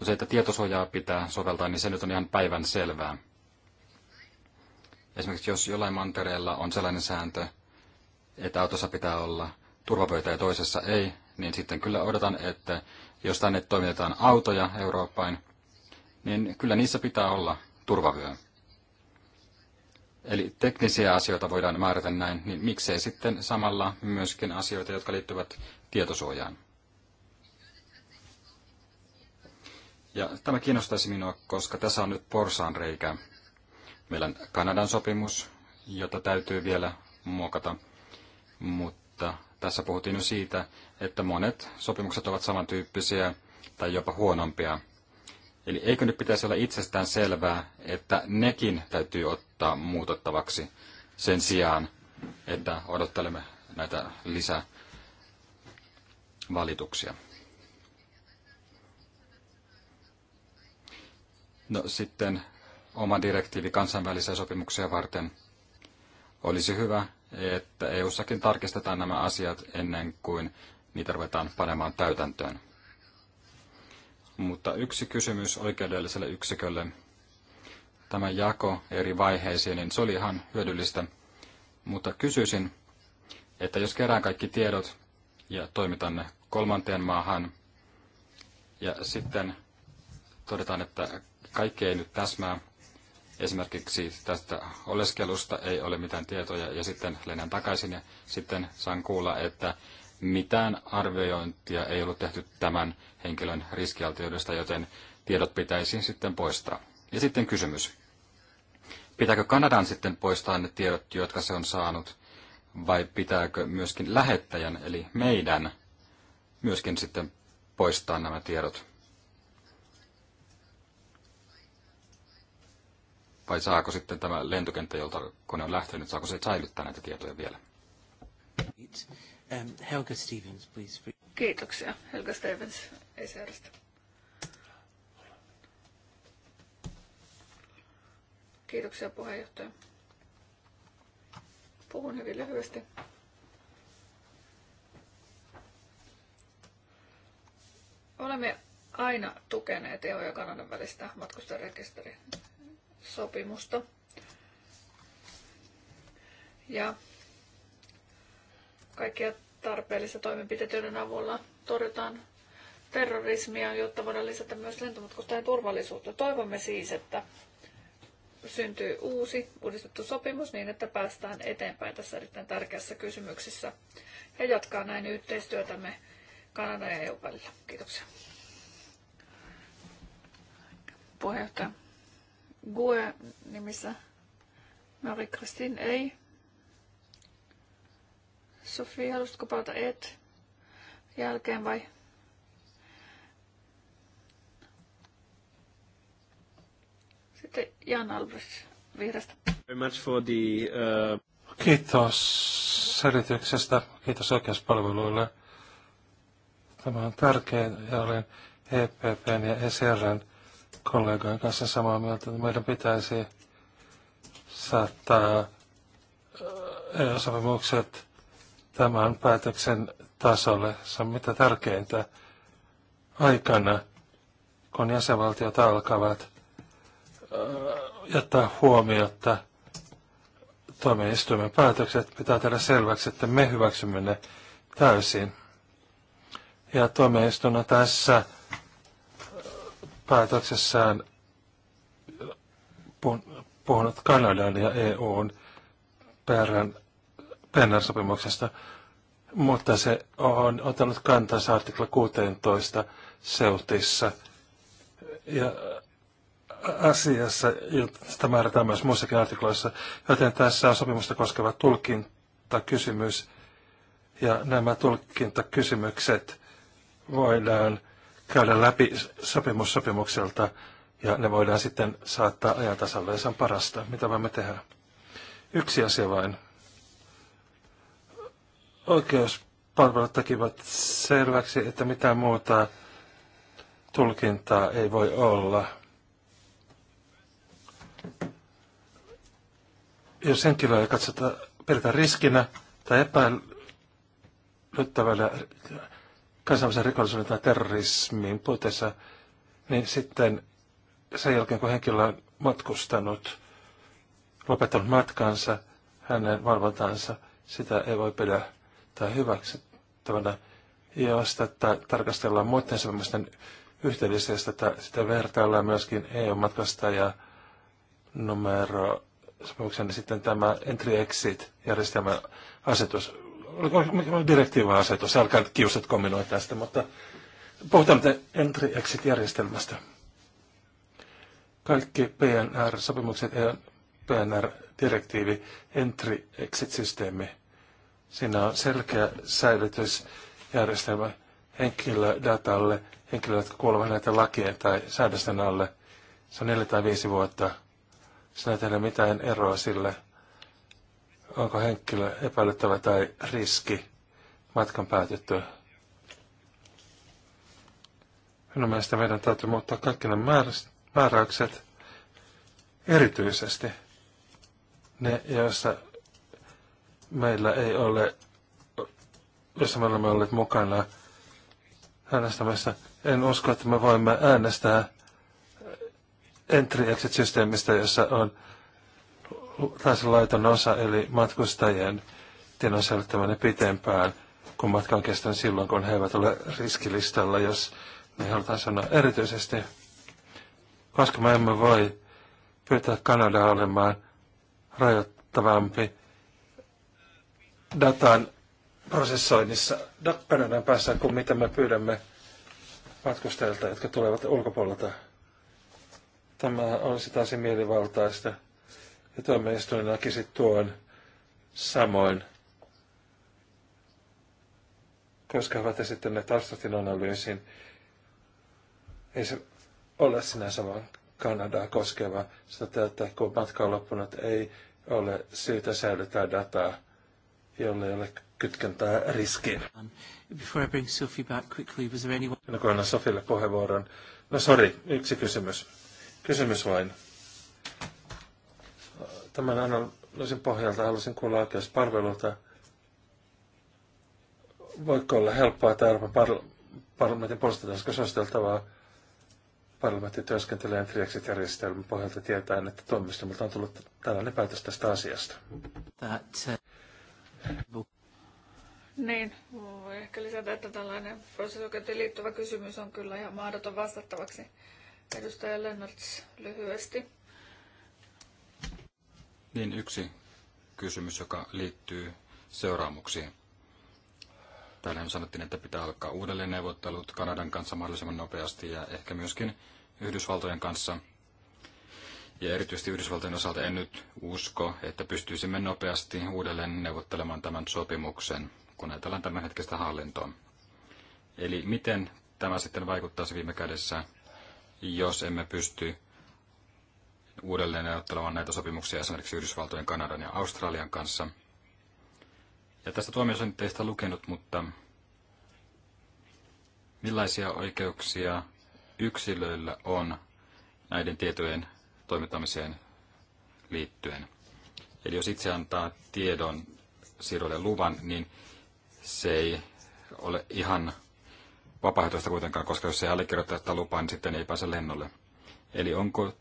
No se, että tietosuojaa pitää soveltaa, niin se nyt on ihan päivän selvää. Esimerkiksi jos jollain mantereella on sellainen sääntö, että autossa pitää olla turvapöytä ja toisessa ei, niin sitten kyllä odotan, että jos tänne toimitetaan autoja Eurooppaan, niin kyllä niissä pitää olla turvavyö. Eli teknisiä asioita voidaan määrätä näin, niin miksei sitten samalla myöskin asioita, jotka liittyvät tietosuojaan. Ja tämä kiinnostaisi minua, koska tässä on nyt reikä. Meillä on Kanadan sopimus, jota täytyy vielä muokata, mutta tässä puhuttiin jo siitä, että monet sopimukset ovat samantyyppisiä tai jopa huonompia. Eli eikö nyt pitäisi olla itsestään selvää, että nekin täytyy ottaa muutottavaksi sen sijaan, että odottelemme näitä lisävalituksia. No sitten oma direktiivi kansainvälisiä sopimuksia varten. Olisi hyvä, että EU-sakin tarkistetaan nämä asiat ennen kuin niitä ruvetaan panemaan täytäntöön. Mutta yksi kysymys oikeudelliselle yksikölle. Tämä jako eri vaiheisiin, niin se oli ihan hyödyllistä. Mutta kysyisin, että jos kerään kaikki tiedot ja toimitan ne kolmanteen maahan, ja sitten todetaan, että kaikki ei nyt täsmää, Esimerkiksi tästä oleskelusta ei ole mitään tietoja ja sitten lennän takaisin ja sitten saan kuulla, että mitään arviointia ei ollut tehty tämän henkilön riskialtioidesta, joten tiedot pitäisi sitten poistaa. Ja sitten kysymys. Pitääkö Kanadan sitten poistaa ne tiedot, jotka se on saanut, vai pitääkö myöskin lähettäjän, eli meidän, myöskin sitten poistaa nämä tiedot? Vai saako sitten tämä lentokenttä, jolta kone on lähtenyt, saako se säilyttää näitä tietoja vielä? Um, Helga Stevens, please. Kiitoksia. Helga Stevens, ECRstä. Kiitoksia puheenjohtaja. Puhun hyvin lyhyesti. Olemme aina tukeneet EU- ja Kanadan välistä matkustajarekisteriä sopimusta. Ja kaikkia tarpeellisia toimenpiteitä, joiden avulla torjutaan terrorismia, jotta voidaan lisätä myös lentomatkustajien turvallisuutta. Toivomme siis, että syntyy uusi uudistettu sopimus niin, että päästään eteenpäin tässä erittäin tärkeässä kysymyksessä ja jatkaa näin yhteistyötämme Kanadan ja EU välillä. Kiitoksia. Puheenjohtaja. GUE nimissä Mari Kristin ei. Sofi, haluaisitko palata et jälkeen vai? Sitten Jan Albrecht vihreästä. Uh, Kiitos selityksestä. Kiitos oikeuspalveluille. Tämä on tärkeä ja olen EPPn ja ECRn kollegojen kanssa samaa mieltä, että meidän pitäisi saattaa EU-sopimukset tämän päätöksen tasolle. Se on mitä tärkeintä aikana, kun jäsenvaltiot alkavat jättää huomiota tuomioistuimen päätökset. Pitää tehdä selväksi, että me hyväksymme ne täysin. Ja tuomioistuin tässä päätöksessään puhunut Kanadan ja EUn perän PNR-sopimuksesta, mutta se on ottanut kantansa artikla 16 seutissa ja asiassa, sitä määrätään myös muissakin artikloissa, joten tässä on sopimusta koskeva tulkintakysymys ja nämä tulkintakysymykset voidaan käydä läpi sopimus sopimukselta ja ne voidaan sitten saattaa ajan tasalle ja se on parasta, mitä voimme tehdä. Yksi asia vain. Oikeuspalvelut tekivät selväksi, että mitään muuta tulkintaa ei voi olla. Jos henkilöä ei katsota pelkästään riskinä tai epäilyttävällä kansainvälisen rikollisuuden tai terrorismin puitteissa, niin sitten sen jälkeen, kun henkilö on matkustanut, lopettanut matkansa, hänen valvontansa, sitä ei voi pidä tai hyväksyttävänä, jos tätä tarkastellaan muiden sopimusten yhteydessä, sitä, sitä vertaillaan myöskin eu ja numero sopimuksen, niin sitten tämä entry exit järjestelmän asetus direktiiva-asetus, älkää kiusat minua tästä, mutta puhutaan nyt entry-exit-järjestelmästä. Kaikki PNR-sopimukset ja PNR-direktiivi, entry-exit-systeemi, siinä on selkeä säilytysjärjestelmä henkilödatalle, henkilöt, kuuluvat näitä lakien tai säädösten alle. Se on neljä tai viisi vuotta. Sinä ei tehdä mitään eroa sille – onko henkilö epäilyttävä tai riski matkan päätettyä? Minun mielestä meidän täytyy muuttaa kaikki ne määräykset erityisesti ne, joissa meillä ei ole, jossa me olemme olleet mukana äänestämässä. En usko, että me voimme äänestää entry-exit-systeemistä, jossa on laiton osa, eli matkustajien tiedon säilyttäminen pitempään, kun matka on kestänyt silloin, kun he eivät ole riskilistalla, jos ne halutaan sanoa erityisesti, koska me emme voi pyytää Kanadaa olemaan rajoittavampi datan prosessoinnissa no, Kanadan päässä kuin mitä me pyydämme matkustajilta, jotka tulevat ulkopuolelta. Tämä olisi taas mielivaltaista. Ja tuomioistuin näkisi tuon samoin, koska he ovat esittäneet Arstotin analyysin. Ei se ole sinänsä vaan Kanadaa koskeva. Sitä, että kun matka on loppunut, ei ole syytä säilyttää dataa, jolle ei ole kytkentää riskiin. Um, before I bring Sophie back quickly, was there anyone... No, kun annan Sofille puheenvuoron. No sorry, yksi kysymys. Kysymys vain tämän analyysin pohjalta haluaisin kuulla oikeuspalveluilta. voiko olla helppoa tai Euroopan par- parlamentin puolesta tässä suositeltavaa parlamentti työskentelee Triexit järjestelmän pohjalta tietää, että tuomioistuimelta on tullut tällainen päätös tästä asiasta. Uh, niin, voi ehkä lisätä, että tällainen prosessoikeuteen liittyvä kysymys on kyllä ihan mahdoton vastattavaksi edustaja Lennarts lyhyesti. Niin yksi kysymys, joka liittyy seuraamuksiin. Täällä sanottiin, että pitää alkaa uudelleen neuvottelut Kanadan kanssa mahdollisimman nopeasti ja ehkä myöskin Yhdysvaltojen kanssa. Ja erityisesti Yhdysvaltojen osalta en nyt usko, että pystyisimme nopeasti uudelleen neuvottelemaan tämän sopimuksen, kun ajatellaan tämänhetkistä hallintoa. Eli miten tämä sitten vaikuttaisi viime kädessä, jos emme pysty uudelleen neuvottelemaan näitä sopimuksia esimerkiksi Yhdysvaltojen, Kanadan ja Australian kanssa. Ja tästä tuomiossa nyt sitä lukenut, mutta millaisia oikeuksia yksilöillä on näiden tietojen toimittamiseen liittyen? Eli jos itse antaa tiedon siirrolle luvan, niin se ei ole ihan vapaaehtoista kuitenkaan, koska jos se allekirjoittaa lupaa, niin sitten ei pääse lennolle. Eli onko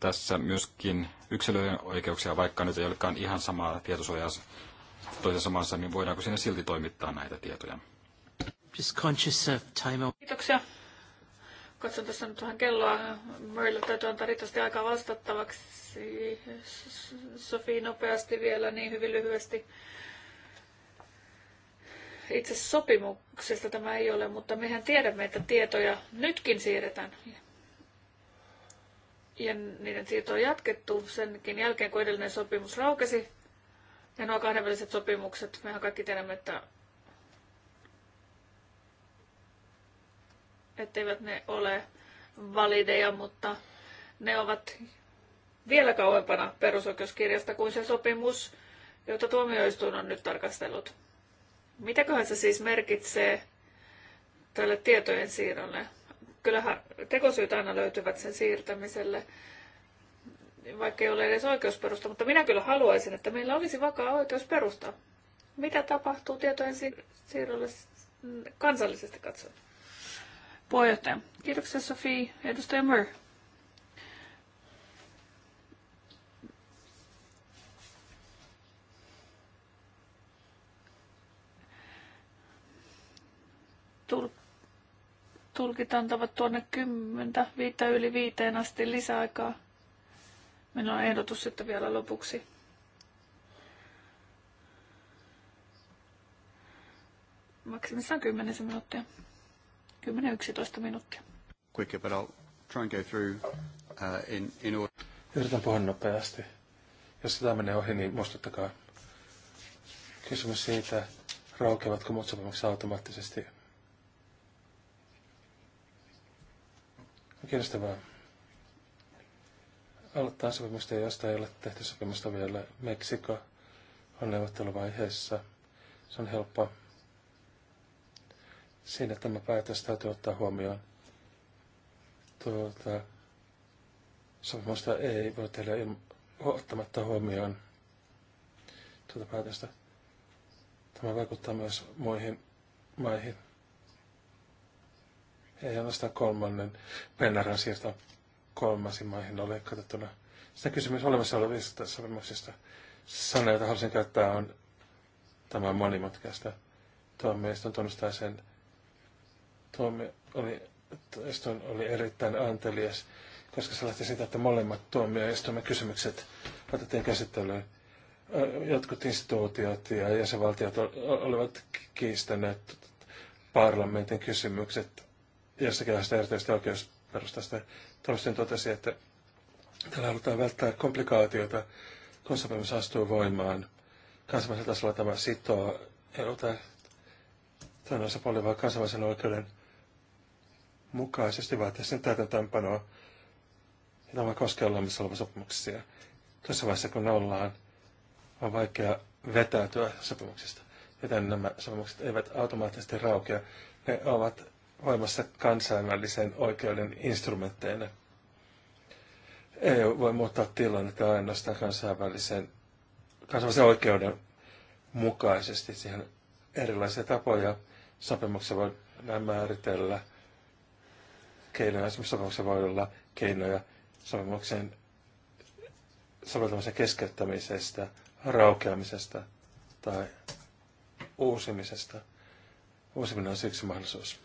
tässä myöskin yksilöiden oikeuksia, vaikka nyt ei olekaan ihan samaa tietosuojaa toisessa maassa, niin voidaanko sinne silti toimittaa näitä tietoja? Just conscious of time. Kiitoksia. Katson tässä nyt vähän kelloa. Meillä täytyy antaa riittävästi aikaa vastattavaksi. Sofi nopeasti vielä, niin hyvin lyhyesti. Itse sopimuksesta tämä ei ole, mutta mehän tiedämme, että tietoja nytkin siirretään ja niiden siirto on jatkettu senkin jälkeen, kun edellinen sopimus raukesi. Ja nuo kahdenväliset sopimukset, mehän kaikki tiedämme, että etteivät ne ole valideja, mutta ne ovat vielä kauempana perusoikeuskirjasta kuin se sopimus, jota tuomioistuin on nyt tarkastellut. Mitäköhän se siis merkitsee tälle tietojen siirrolle? kyllähän tekosyyt aina löytyvät sen siirtämiselle, vaikka ei ole edes oikeusperusta, mutta minä kyllä haluaisin, että meillä olisi vakaa oikeusperusta. Mitä tapahtuu tietojen siirrolle kansallisesti katsoen? Puheenjohtaja. Kiitoksia Sofi. Edustaja Myr. tulkit antavat tuonne kymmentä viittä yli viiteen asti lisäaikaa. Minulla on ehdotus sitten vielä lopuksi. Maksimissaan 10 minuuttia. 10-11 minuuttia. Quick, but I'll try and go through uh, in, in order. Yritän puhua nopeasti. Jos tämä menee ohi, niin muistuttakaa. Kysymys siitä, raukeavatko muut sopimukset automaattisesti kiinnostavaa aloittaa sopimusta, josta ei ole tehty sopimusta vielä. Meksiko on neuvotteluvaiheessa. Se on helppoa. Siinä tämä päätös täytyy ottaa huomioon. Tuota, sopimusta ei voi tehdä ottamatta huomioon tuota päätöstä. Tämä vaikuttaa myös muihin maihin ei ainoastaan kolmannen Venäjän siirto kolmansiin maihin ole katsottuna. Sitä kysymys olemassa olevista sopimuksista. Sana, jota haluaisin käyttää, on tämä monimutkaista. Tuomioistuin tunnustaa sen. Tuomio oli, oli erittäin antelias, koska se lähti siitä, että molemmat tuomioistuimen kysymykset otettiin käsittelyyn. Jotkut instituutiot ja jäsenvaltiot olivat kiistäneet parlamentin kysymykset jostakin aiheesta erityisesti oikeusperustasta. Tolsten totesi, että tällä halutaan välttää komplikaatioita, kun sopimus astuu voimaan. Kansainvälisellä tasolla tämä sitoo ei toinen osapuoli vaan kansainvälisen oikeuden mukaisesti vaatii sen täytäntöönpanoa. Ja tämä koskee olemassa olevan sopimuksia. Tuossa vaiheessa, kun ne ollaan, on vaikea vetäytyä sopimuksista. Joten nämä sopimukset eivät automaattisesti raukea. Ne ovat olemassa kansainvälisen oikeuden instrumentteina. EU voi muuttaa tilannetta ainoastaan kansainvälisen, kansainvälisen oikeuden mukaisesti. Siihen erilaisia tapoja sopimuksia voi määritellä. Keinoja esimerkiksi sopimuksia voi olla keinoja sopimuksen soveltamisen keskeyttämisestä, raukeamisesta tai uusimisesta. Uusiminen on siksi mahdollisuus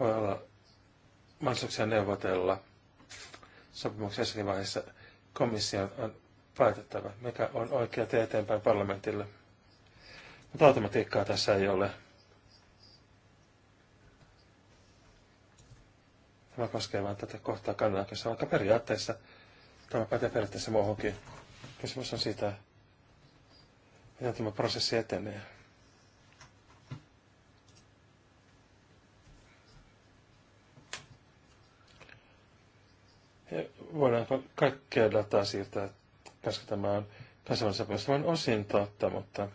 voi olla mahdollisuuksia neuvotella sopimuksen jossakin vaiheessa komission on päätettävä, mikä on oikea tie eteenpäin parlamentille. Mutta automatiikkaa tässä ei ole. Tämä koskee vain tätä kohtaa kannanakossa, vaikka periaatteessa tämä pätee periaatteessa muuhunkin. Kysymys on siitä, miten tämä prosessi etenee. voidaan kaikkea dataa siirtää, koska tämä on kansainvälisen vain osin totta, mutta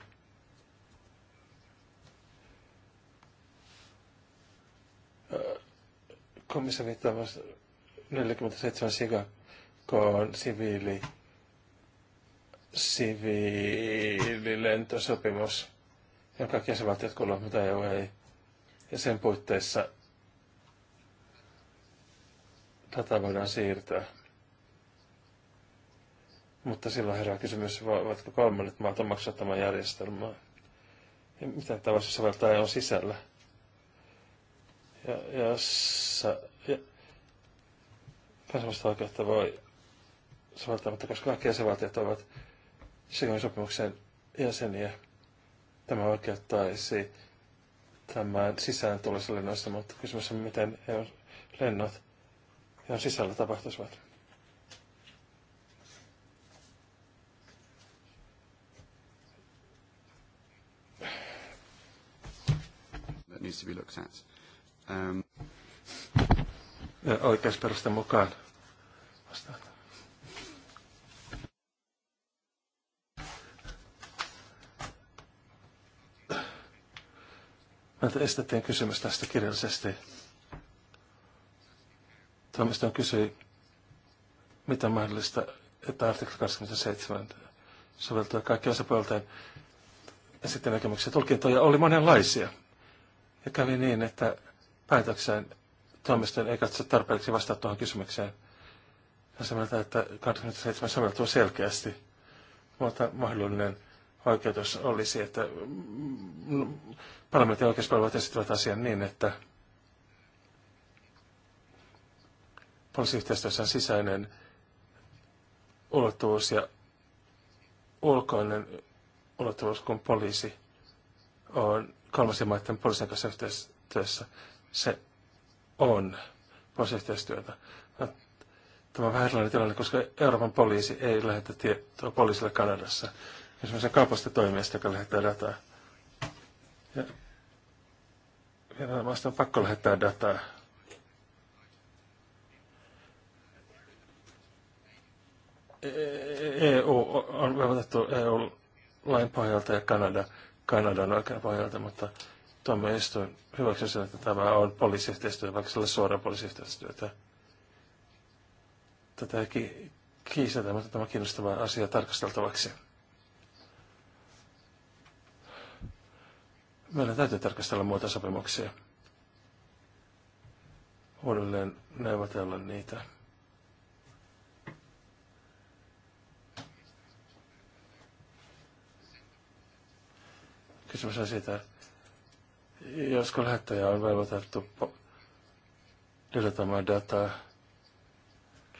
komissa viittaa 47 siga on siviili siviililentosopimus, jonka jäsenvaltiot kuuluvat, mitä EU ei. Ja sen puitteissa data voidaan siirtää. Mutta silloin herää kysymys, voivatko kolmannet maat maksaa tämän järjestelmää? Ja mitä tavassa soveltaja on sisällä? Ja, jos ja, kansainvälistä oikeutta voi soveltaa, mutta koska kaikki jäsenvaltiot ovat Schengenin sopimuksen jäseniä, tämä oikeuttaisi tämän sisään tulisi noissa, mutta kysymys on, miten lennot ja sisällä tapahtuisivat. needs to be looked at. Um, Oikeusperusten mukaan. Vastaan. Meiltä estettiin kysymys tästä kirjallisesti. Tuomiston kysyi, mitä mahdollista, että artikla 27 soveltuu kaikki osapuolten esitti Tulkintoja oli monenlaisia. Ja kävi niin, että päätökseen tuomiston ei katso tarpeeksi vastata tuohon kysymykseen. Hän sanoi, että 27 soveltuu selkeästi, mutta mahdollinen oikeutus olisi, että mm, parlamentin oikeuspalvelut esittävät asian niin, että poliisiyhteistyössä on sisäinen ulottuvuus ja ulkoinen ulottuvuus, kun poliisi on kolmansien maiden poliisien kanssa yhteistyössä. Se on poliisiyhteistyötä. Tämä on vähän erilainen tilanne, koska Euroopan poliisi ei lähetä tietoa poliisille Kanadassa. Esimerkiksi kaupasta toimijasta, joka lähettää dataa. Ja viranomaista on pakko lähettää dataa. EU on velvoitettu EU-lain pohjalta ja Kanada Kanadan oikean pohjalta, mutta tuomioistuin hyväksyi sen, että tämä on poliisiyhteistyö, vaikka se ole suoraan poliisiyhteistyötä. Tätä ei kiistetä, mutta tämä on kiinnostava asia tarkasteltavaksi. Meillä täytyy tarkastella muita sopimuksia. Uudelleen neuvotella niitä. kysymys on siitä, josko lähettäjä on velvoitettu deletämään dataa,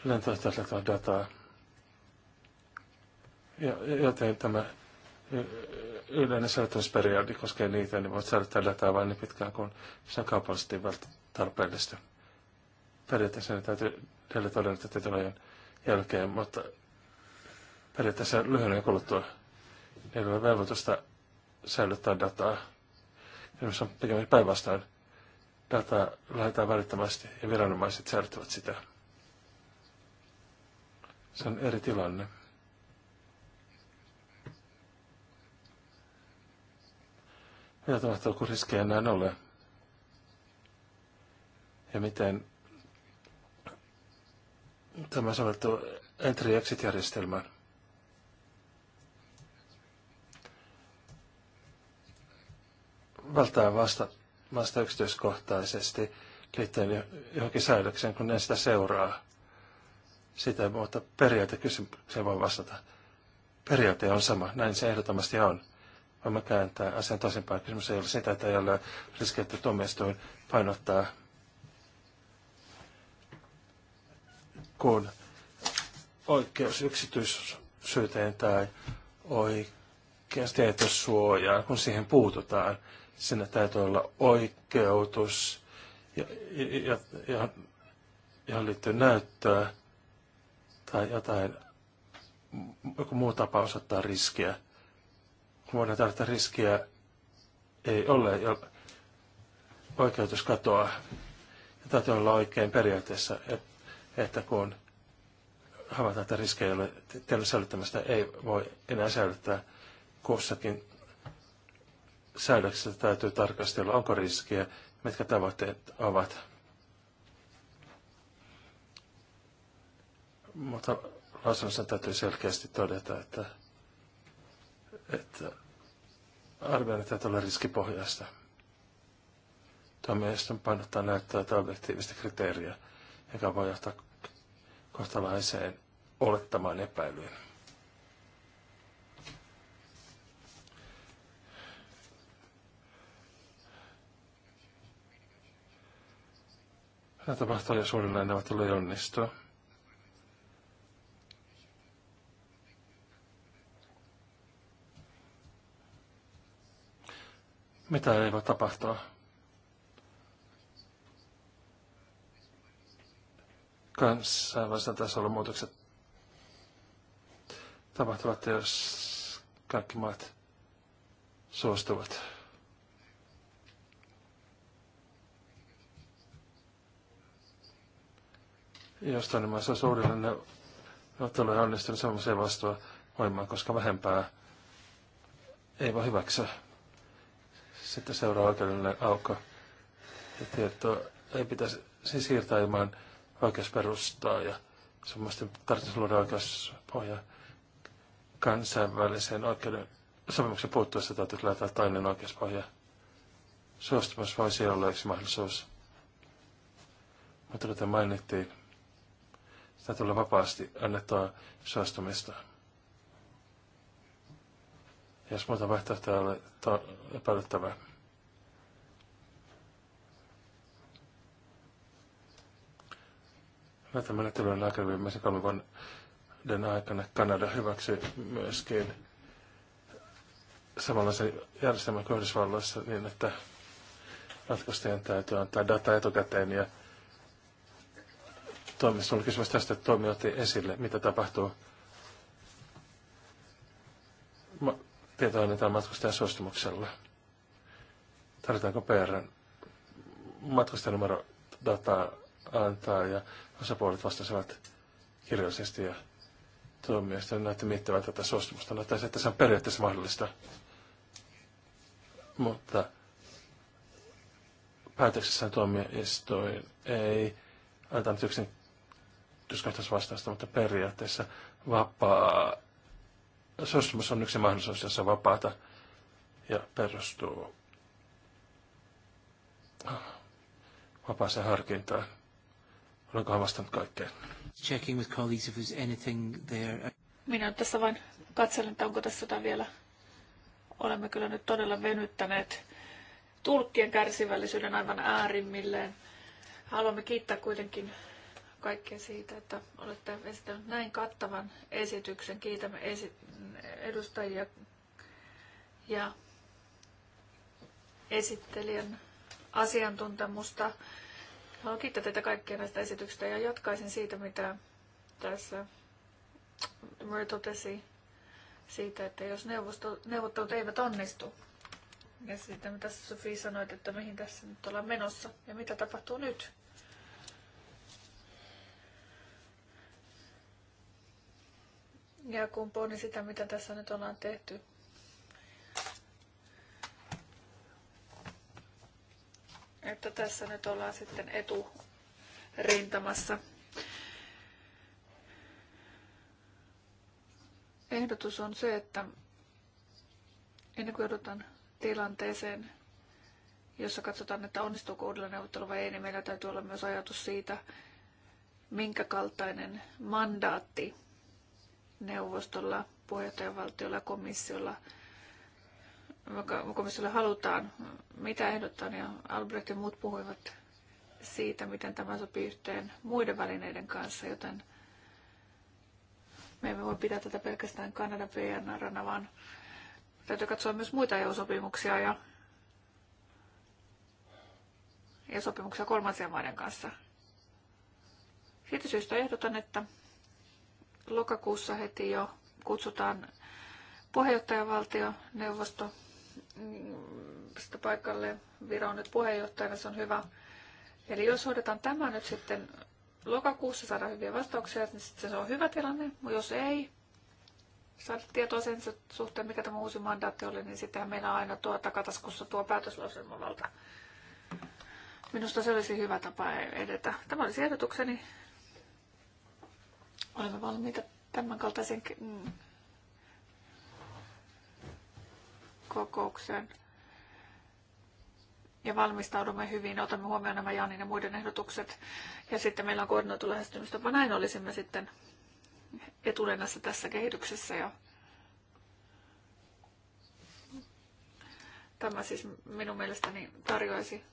lentoista deletämään dataa. Ja, joten tämä yleinen säilyttämisperiaadi koskee niitä, niin voit säilyttää dataa vain niin pitkään kuin se on kaupallisesti tarpeellista. Periaatteessa ne täytyy deletoida niitä tietojen jälkeen, mutta periaatteessa lyhyen kuluttua ei ole velvoitusta säilyttää dataa. Kysymys on tekemässä päinvastoin. Dataa lähetään välittömästi ja viranomaiset säilyttävät sitä. Se on eri tilanne. Mitä tapahtuu, kun riskejä enää ole? Ja miten tämä soveltuu entry-exit-järjestelmään? välttää vasta, vasta yksityiskohtaisesti liittyen johonkin säädökseen, kun en sitä seuraa. Sitä, mutta periaatekysymykseen voi vastata. Periaate on sama, näin se ehdottomasti on. Voimme kääntää asian toisinpäin. Kysymys ei ole sitä, että ei ole riskitty tuomioistuin painottaa, kun oikeus yksityisyyteen tai oikeus tietosuojaan, kun siihen puututaan – sinne täytyy olla oikeutus, ja, ja, ja, johon liittyy näyttöä tai jotain, joku muu tapa osoittaa riskiä. Voidaan tarvita riskiä, ei ole, ja oikeutus katoaa. Ja täytyy olla oikein periaatteessa, että kun havaitaan, että riskejä ei ole ei voi enää säilyttää kussakin säädöksessä täytyy tarkastella, onko riskejä, mitkä tavoitteet ovat. Mutta lausunnossa täytyy selkeästi todeta, että, että arvioinnit täytyy olla riskipohjaista. Tuomioistuin painottaa näyttää että objektiivista kriteeriä, joka voi johtaa kohtalaiseen olettamaan epäilyyn. Mitä tapahtuu, jos uudelleen neuvottelu ei onnistua? Mitä ei voi tapahtua? Kansainvälisellä tasolla muutokset tapahtuvat, jos kaikki maat suostuvat. jos toinen maa saa suurille neuvotteluja onnistunut, Suomessa ei vastua voimaan, koska vähempää ei voi hyväksyä. Sitten seuraa oikeudellinen aukko. Ja tieto ei pitäisi siis siirtää ilman oikeusperustaa ja semmoisten tarvitsisi luoda oikeuspohjaa kansainväliseen oikeuden sopimuksen puuttuessa täytyy löytää toinen oikeuspohja. Suostumus voisi olla yksi mahdollisuus. Mutta kuten mainittiin, sitä tulee vapaasti annettua suostumista. Jos muuta vaihtoehtoja ole to- epäilyttävää. Näitä menettelyjen lääkäri viimeisen kolmen vuoden aikana Kanada hyväksyi myöskin samanlaisen järjestelmän kuin Yhdysvalloissa niin, että matkustajien täytyy antaa data etukäteen ja Tuomioistuin oli kysymys tästä, että toimi otti esille, mitä tapahtuu. Ma- tieto annetaan matkustajan suostumuksella. Tarvitaanko PRn matkustajanumero dataa antaa ja osapuolet vastasivat kirjallisesti ja tuomioistuin näytti miettivän tätä suostumusta. se, että se on periaatteessa mahdollista. Mutta päätöksessään tuomioistuin ei antanut yksin yksityiskohtaista vastausta, mutta periaatteessa vapaa suostumus on yksi mahdollisuus, jossa vapaata ja perustuu vapaaseen harkintaan. Olenkohan vastannut kaikkeen? Checking with colleagues if there's anything there. Minä tässä vain katselen, että onko tässä jotain vielä. Olemme kyllä nyt todella venyttäneet tulkkien kärsivällisyyden aivan äärimmilleen. Haluamme kiittää kuitenkin kaikkea siitä, että olette esittäneet näin kattavan esityksen. Kiitämme esi- edustajia ja esittelijän asiantuntemusta. Haluan kiittää teitä kaikkia näistä esityksistä ja jatkaisin siitä, mitä tässä Murray totesi siitä, että jos neuvosto, neuvottelut eivät onnistu, ja siitä, mitä Sofi sanoit, että mihin tässä nyt ollaan menossa ja mitä tapahtuu nyt. Ja kun pohdin sitä, mitä tässä nyt ollaan tehty, että tässä nyt ollaan sitten eturintamassa. Ehdotus on se, että ennen kuin joudutaan tilanteeseen, jossa katsotaan, että onnistuuko uudella neuvottelu vai ei, niin meillä täytyy olla myös ajatus siitä, minkä kaltainen mandaatti neuvostolla, puheenjohtajavaltiolla ja komissiolla, komissiolle halutaan, mitä ehdottaa, ja Albrecht ja muut puhuivat siitä, miten tämä sopii yhteen muiden välineiden kanssa, joten me emme voi pitää tätä pelkästään Kanadan pnr vaan täytyy katsoa myös muita EU-sopimuksia ja, ja sopimuksia kolmansien maiden kanssa. Siitä syystä ehdotan, että Lokakuussa heti jo kutsutaan puheenjohtajavaltioneuvosto mm, sitä paikalle. Viro on nyt puheenjohtajana, se on hyvä. Eli jos hoidetaan tämä nyt sitten lokakuussa, saadaan hyviä vastauksia, niin sitten se on hyvä tilanne. Mutta jos ei saada tietoa sen suhteen, mikä tämä uusi mandaatti oli, niin sittenhän meillä on aina tuo takataskussa tuo päätöslauselmavalta. Minusta se olisi hyvä tapa edetä. Tämä olisi ehdotukseni. Olemme valmiita tämän kaltaisen mm, kokouksen. Ja valmistaudumme hyvin, otamme huomioon nämä Janin ja muiden ehdotukset. Ja sitten meillä on koordinoitu lähestymistapa. Näin olisimme sitten etulennassa tässä kehityksessä. Ja tämä siis minun mielestäni tarjoaisi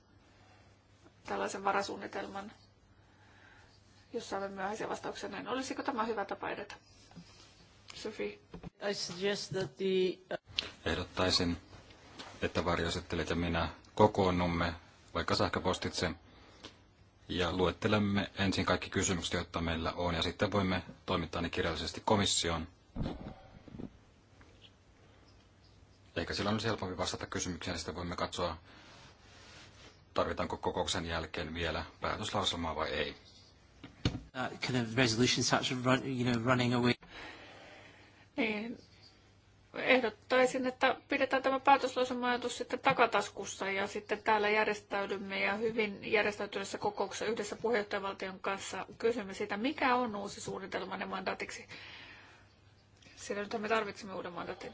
tällaisen varasuunnitelman jos saamme myöhäisiä vastauksia näin. Olisiko tämä hyvä tapa edetä? Sophie. I suggest that the... Uh, Ehdottaisin, että varjoesittelijät ja minä kokoonnumme vaikka sähköpostitse ja luettelemme ensin kaikki kysymykset, joita meillä on, ja sitten voimme toimittaa ne kirjallisesti komissioon. Eikä silloin olisi helpompi vastata kysymykseen, sitten voimme katsoa, tarvitaanko kokouksen jälkeen vielä päätöslauselmaa vai ei. That kind of resolution starts run, you know, running away. Niin. Ehdottaisin, että pidetään tämä päätöslausumajoitus sitten takataskussa ja sitten täällä järjestäydymme ja hyvin järjestäytyneessä kokouksessa yhdessä puheenjohtajavaltion kanssa kysymme sitä, mikä on uusi suunnitelma ne mandaatiksi. Sillä nyt me tarvitsemme uuden mandaatin.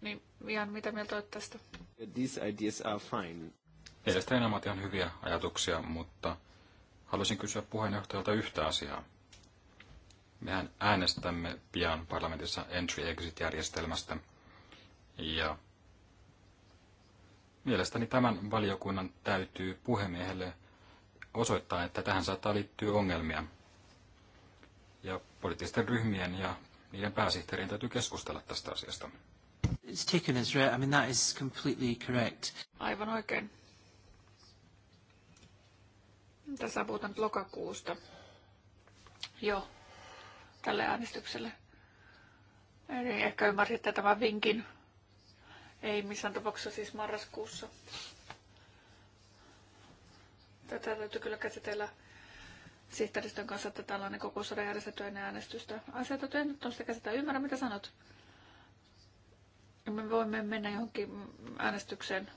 Niin, Jan, mitä mieltä olet tästä? These ideas are fine. Mielestäni nämä ovat ihan hyviä ajatuksia, mutta haluaisin kysyä puheenjohtajalta yhtä asiaa. Mehän äänestämme pian parlamentissa entry-exit-järjestelmästä, ja mielestäni tämän valiokunnan täytyy puhemiehelle osoittaa, että tähän saattaa liittyä ongelmia. Ja poliittisten ryhmien ja niiden pääsihteerien täytyy keskustella tästä asiasta. It's taken as I mean, that is completely correct. Aivan oikein. Tässä puhutaan nyt lokakuusta jo tälle äänestykselle. Eli ehkä ymmärsitte tämän vinkin. Ei missään tapauksessa siis marraskuussa. Tätä täytyy kyllä käsitellä sihteeristön kanssa, että tällainen koko sodan järjestetty ennen äänestystä. Asiat on tehnyt, tuosta käsitellä. Ymmärrä, mitä sanot. Me voimme mennä johonkin äänestykseen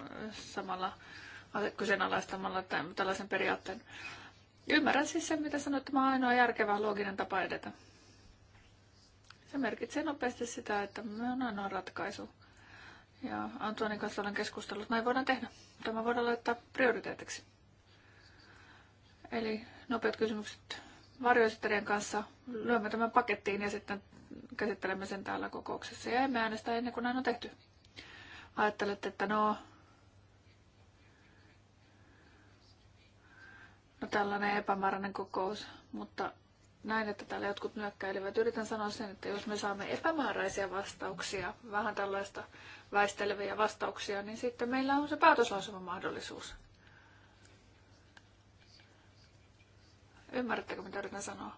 äh, samalla kyseenalaistamalla tämän, tällaisen periaatteen. Ymmärrän siis sen, mitä sanoit, tämä on ainoa järkevä looginen tapa edetä. Se merkitsee nopeasti sitä, että me on ainoa ratkaisu. Ja Antonin kanssa olen keskustellut, näin voidaan tehdä. Tämä voidaan laittaa prioriteetiksi. Eli nopeat kysymykset varjoisittelijan kanssa lyömme tämän pakettiin ja sitten käsittelemme sen täällä kokouksessa. Ja emme äänestä ennen kuin näin on tehty. Ajattelette, että no, tällainen epämääräinen kokous, mutta näin, että täällä jotkut nyökkäilivät. Yritän sanoa sen, että jos me saamme epämääräisiä vastauksia, vähän tällaista väisteleviä vastauksia, niin sitten meillä on se päätöslausuma mahdollisuus. Ymmärrättekö, mitä yritän sanoa?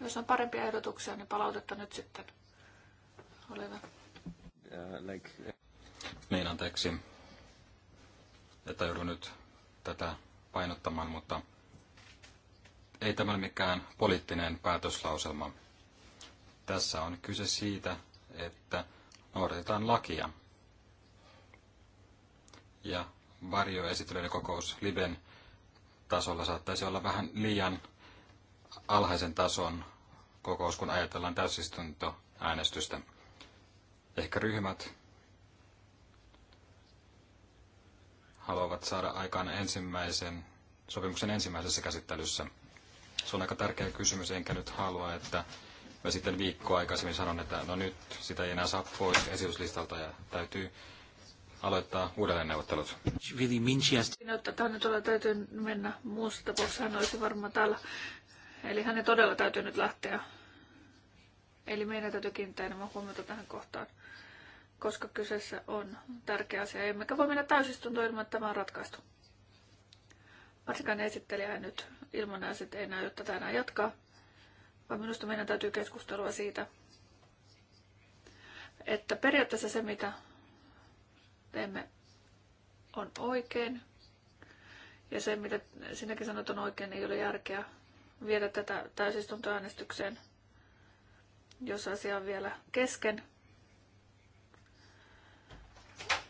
Jos on parempia ehdotuksia, niin palautetta nyt sitten. Ole hyvä. Niin, anteeksi, että joudun nyt tätä painottamaan, mutta ei tämä ole mikään poliittinen päätöslauselma. Tässä on kyse siitä, että noudatetaan lakia. Ja varjoesittelyiden kokous Liben tasolla saattaisi olla vähän liian alhaisen tason kokous, kun ajatellaan täysistuntoäänestystä. Ehkä ryhmät haluavat saada aikaan ensimmäisen sopimuksen ensimmäisessä käsittelyssä. Se on aika tärkeä kysymys, enkä nyt halua, että mä sitten viikko aikaisemmin sanon, että no nyt sitä ei enää saa pois esityslistalta ja täytyy aloittaa uudelleen neuvottelut. Really minchiästi. No, tämä nyt olla täytyy mennä muussa tapauksessa, hän olisi varmaan täällä. Eli hänen todella täytyy nyt lähteä. Eli meidän täytyy kiinnittää enemmän huomiota tähän kohtaan koska kyseessä on tärkeä asia. Emmekä voi mennä täysistuntoon ilman, että tämä on ratkaistu. Varsinkaan esittelijä nyt ilman asiat ei näy, jotta tänään jatkaa, vaan minusta meidän täytyy keskustelua siitä, että periaatteessa se, mitä teemme, on oikein. Ja se, mitä sinäkin sanot on oikein, ei ole järkeä viedä tätä täysistuntoäänestykseen, jos asia on vielä kesken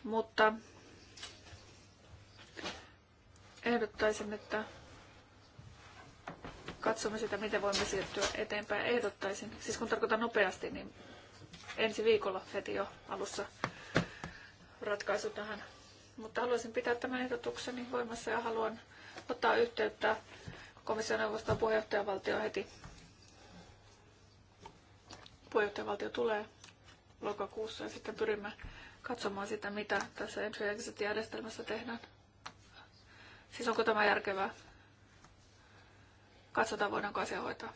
mutta ehdottaisin, että katsomme sitä, miten voimme siirtyä eteenpäin. Ehdottaisin, siis kun tarkoitan nopeasti, niin ensi viikolla heti jo alussa ratkaisu tähän. Mutta haluaisin pitää tämän ehdotukseni voimassa ja haluan ottaa yhteyttä komissioneuvoston puheenjohtajavaltioon heti. Puheenjohtajavaltio tulee lokakuussa ja sitten pyrimme katsomaan sitä, mitä tässä entry exit järjestelmässä tehdään. Siis onko tämä järkevää? Katsotaan, voidaanko asia hoitaa.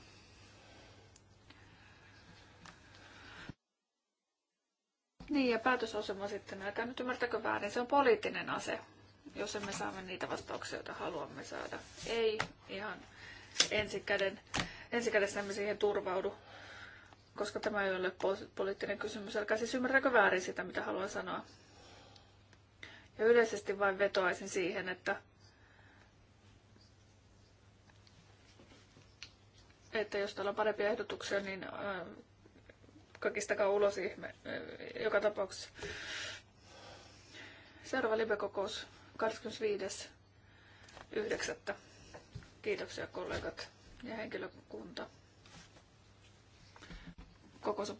Niin, ja päätösasema sitten, älkää nyt ymmärtäkö väärin, se on poliittinen ase, jos emme saamme niitä vastauksia, joita haluamme saada. Ei ihan ensikäden, ensikädessä emme siihen turvaudu koska tämä ei ole poliittinen kysymys. Älkää siis ymmärräkö väärin sitä, mitä haluan sanoa. Ja yleisesti vain vetoaisin siihen, että että jos täällä on parempia ehdotuksia, niin kakistakaa ulos ihme joka tapauksessa. Seuraava libekokous 25.9. Kiitoksia kollegat ja henkilökunta koko on